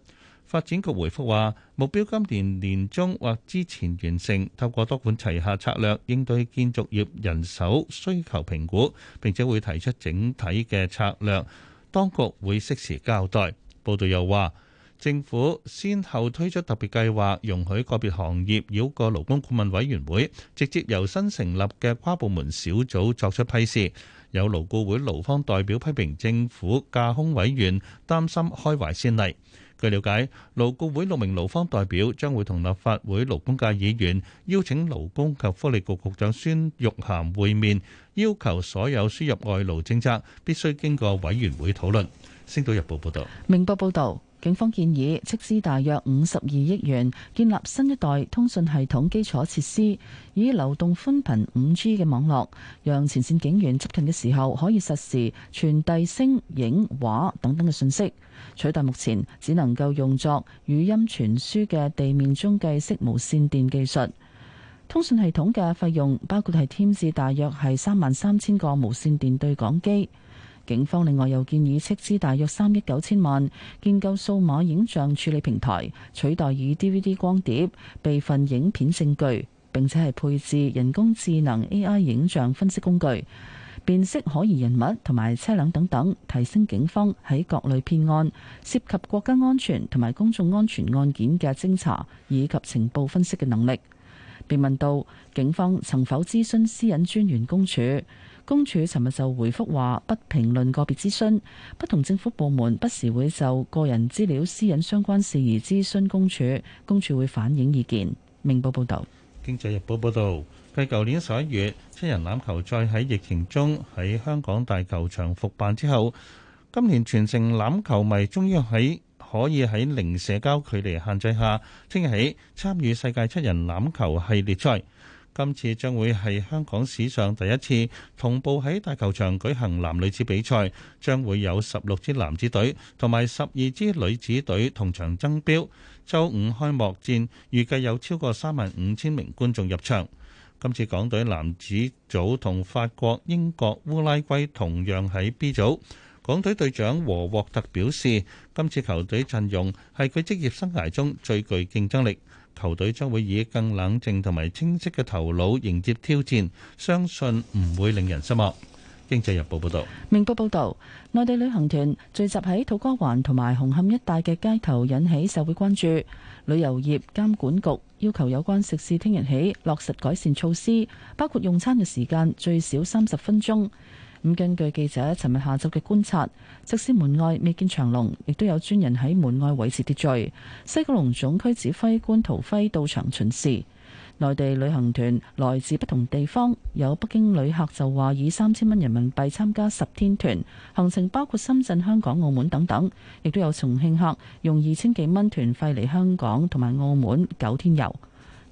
發展局回覆話，目標今年年中或之前完成，透過多管齊下策略應對建築業人手需求評估，並且會提出整體嘅策略。當局會適時交代。報道又話，政府先後推出特別計劃，容許個別行業繞過勞工顧問委員會，直接由新成立嘅跨部門小組作出批示。有勞顧會勞方代表批評政府架空委員，擔心開懷先例。據了解，勞僱會六名勞方代表將會同立法會勞工界議員邀請勞工及福利局局長孫玉菡會面，要求所有輸入外勞政策必須經過委員會討論。星島日報報道，明報報道。警方建議斥資大約五十二億元，建立新一代通訊系統基礎設施，以流動寬頻五 G 嘅網絡，讓前線警員執勤嘅時候可以實時傳遞聲、影、畫等等嘅訊息，取代目前只能夠用作語音傳輸嘅地面中繼式無線電技術。通訊系統嘅費用包括係添置大約係三萬三千個無線電對講機。警方另外又建議斥資大約三億九千萬，建構數碼影像處理平台，取代以 DVD 光碟備份影片證據，並且係配置人工智能 AI 影像分析工具，辨識可疑人物同埋車輛等等，提升警方喺各類騙案、涉及國家安全同埋公眾安全案件嘅偵查以及情報分析嘅能力。被問到警方曾否諮詢私隱專員公署？公署尋日就回覆話，不評論個別諮詢。不同政府部門不時會就個人資料私隱相關事宜諮詢公署，公署會反映意見。明報報道。《經濟日報》報道，繼舊年十一月七人欖球賽喺疫情中喺香港大球場復辦之後，今年全城欖球迷終於喺可以喺零社交距離限制下，聽日起參與世界七人欖球系列賽。今次將會係香港史上第一次同步喺大球場舉行男女子比賽，將會有十六支男子隊同埋十二支女子隊同場爭標。週五開幕戰預計有超過三萬五千名觀眾入場。今次港隊男子組同法國、英國、烏拉圭同樣喺 B 組。港隊隊長和沃特表示，今次球隊陣容係佢職業生涯中最具競爭力。球隊將會以更冷靜同埋清晰嘅頭腦迎接挑戰，相信唔會令人失望。經濟日報報道，明報報道，內地旅行團聚集喺土瓜灣同埋紅磡一帶嘅街頭引起社會關注，旅遊業監管局要求有關食肆聽日起落實改善措施，包括用餐嘅時間最少三十分鐘。咁根據記者尋日下晝嘅觀察，即使門外未見長龍，亦都有專人喺門外維持秩序。西九龍總區指揮官陶輝到場巡視。內地旅行團來自不同地方，有北京旅客就話以三千蚊人民幣參加十天團，行程包括深圳、香港、澳門等等，亦都有重慶客用二千幾蚊團費嚟香港同埋澳門九天遊。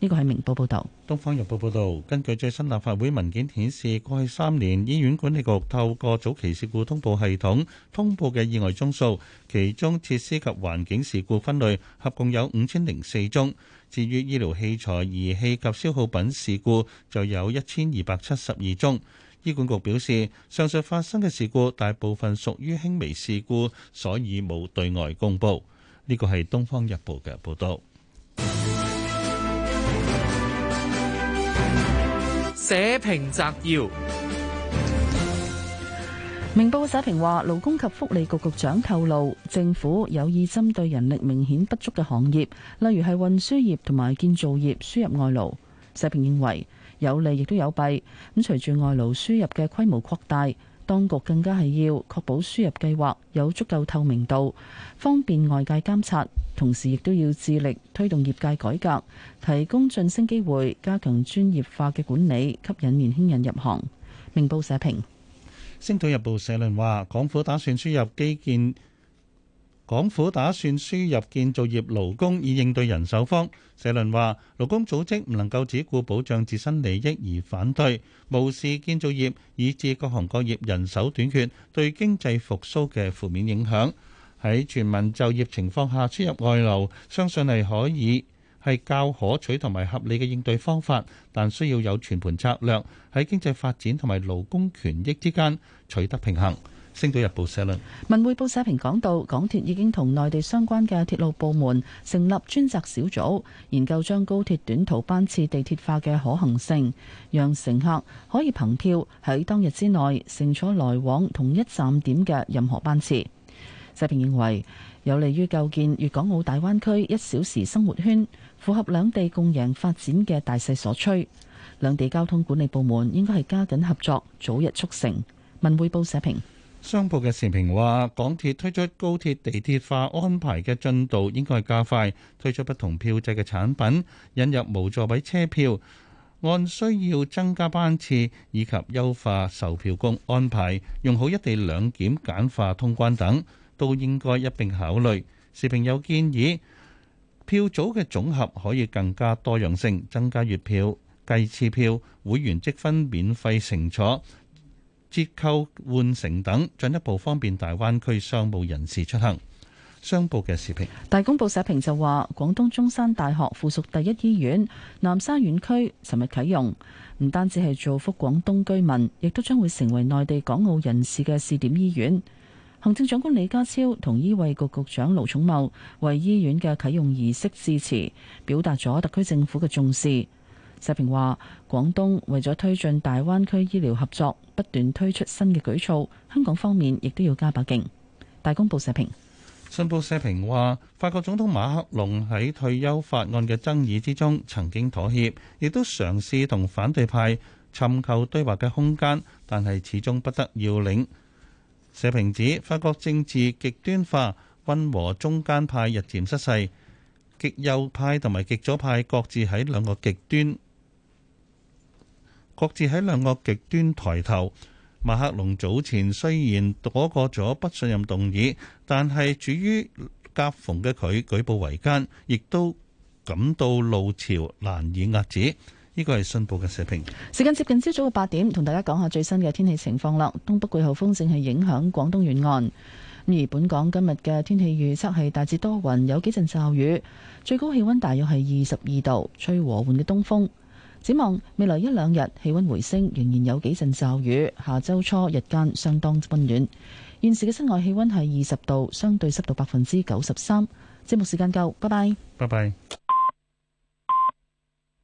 呢個係明報報導，《東方日報》報導，根據最新立法會文件顯示，過去三年醫院管理局透過早期事故通報系統通報嘅意外宗數，其中設施及環境事故分類合共有五千零四宗，至於醫療器材、儀器及消耗品事故就有一千二百七十二宗。醫管局表示，上述發生嘅事故大部分屬於輕微事故，所以冇對外公佈。呢個係《東方日報》嘅報導。社評摘要：明報社評話，勞工及福利局局長透露，政府有意針對人力明顯不足嘅行業，例如係運輸業同埋建造業輸入外勞。社評認為，有利亦都有弊，咁隨住外勞輸入嘅規模擴大。當局更加係要確保輸入計劃有足夠透明度，方便外界監察，同時亦都要致力推動業界改革，提供晉升機會，加強專業化嘅管理，吸引年輕人入行。明報社評。《星島日報》社論話：港府打算輸入基建。港府打算輸入建造業勞工以應對人手荒。社論話，勞工組織唔能夠只顧保障自身利益而反對，無視建造業，以致各行各業人手短缺，對經濟復甦嘅負面影響。喺全民就業情況下輸入外勞，相信係可以係較可取同埋合理嘅應對方法，但需要有全盤策略喺經濟發展同埋勞工權益之間取得平衡。《星島日報》社論。文匯報社評講到，港鐵已經同內地相關嘅鐵路部門成立專責小組，研究將高鐵短途班次地鐵化嘅可行性，讓乘客可以憑票喺當日之內乘坐來往同一站點嘅任何班次。社評認為有利於構建粵港澳大灣區一小時生活圈，符合兩地共贏發展嘅大勢所趨。兩地交通管理部門應該係加緊合作，早日促成。文匯報社評。商報嘅時評話，港鐵推出高鐵地鐵化安排嘅進度應該加快，推出不同票制嘅產品，引入無座位車票，按需要增加班次，以及優化售票工安排，用好一地兩檢簡化通關等，都應該一並考慮。時評有建議，票組嘅組合可以更加多樣性，增加月票、計次票、會員積分免費乘坐、折扣換乘等，進一步方便大灣區商務人士出行。商報嘅時評，大公報社評就話：廣東中山大學附屬第一醫院南沙院區尋日啟用，唔單止係造福廣東居民，亦都將會成為內地港澳人士嘅試點醫院。行政長官李家超同醫衞局局長盧寵茂為醫院嘅啟用儀式致辭，表達咗特區政府嘅重視。社評話，廣東為咗推進大灣區醫療合作，不斷推出新嘅舉措，香港方面亦都要加把勁。大公報社評，新報社評話，法國總統馬克龍喺退休法案嘅爭議之中，曾經妥協，亦都嘗試同反對派尋求對話嘅空間，但係始終不得要領。社評指，法國政治極端化，温和中間派日漸失勢，極右派同埋極左派各自喺兩個極端。各自喺兩個極端抬頭。馬克龍早前雖然躲過咗不信任動議，但係處於夾縫嘅佢舉步維艱，亦都感到浪潮難以遏止。呢、這個係信報嘅社評。時間接近朝早嘅八點，同大家講下最新嘅天氣情況啦。東北季候風正係影響廣東沿岸，而本港今日嘅天氣預測係大致多雲，有幾陣驟雨，最高氣溫大約係二十二度，吹和緩嘅東風。展望未來一兩日，氣溫回升，仍然有幾陣驟雨。下周初日間相當溫暖。現時嘅室外氣溫係二十度，相對濕度百分之九十三。節目時間夠，拜拜。拜拜。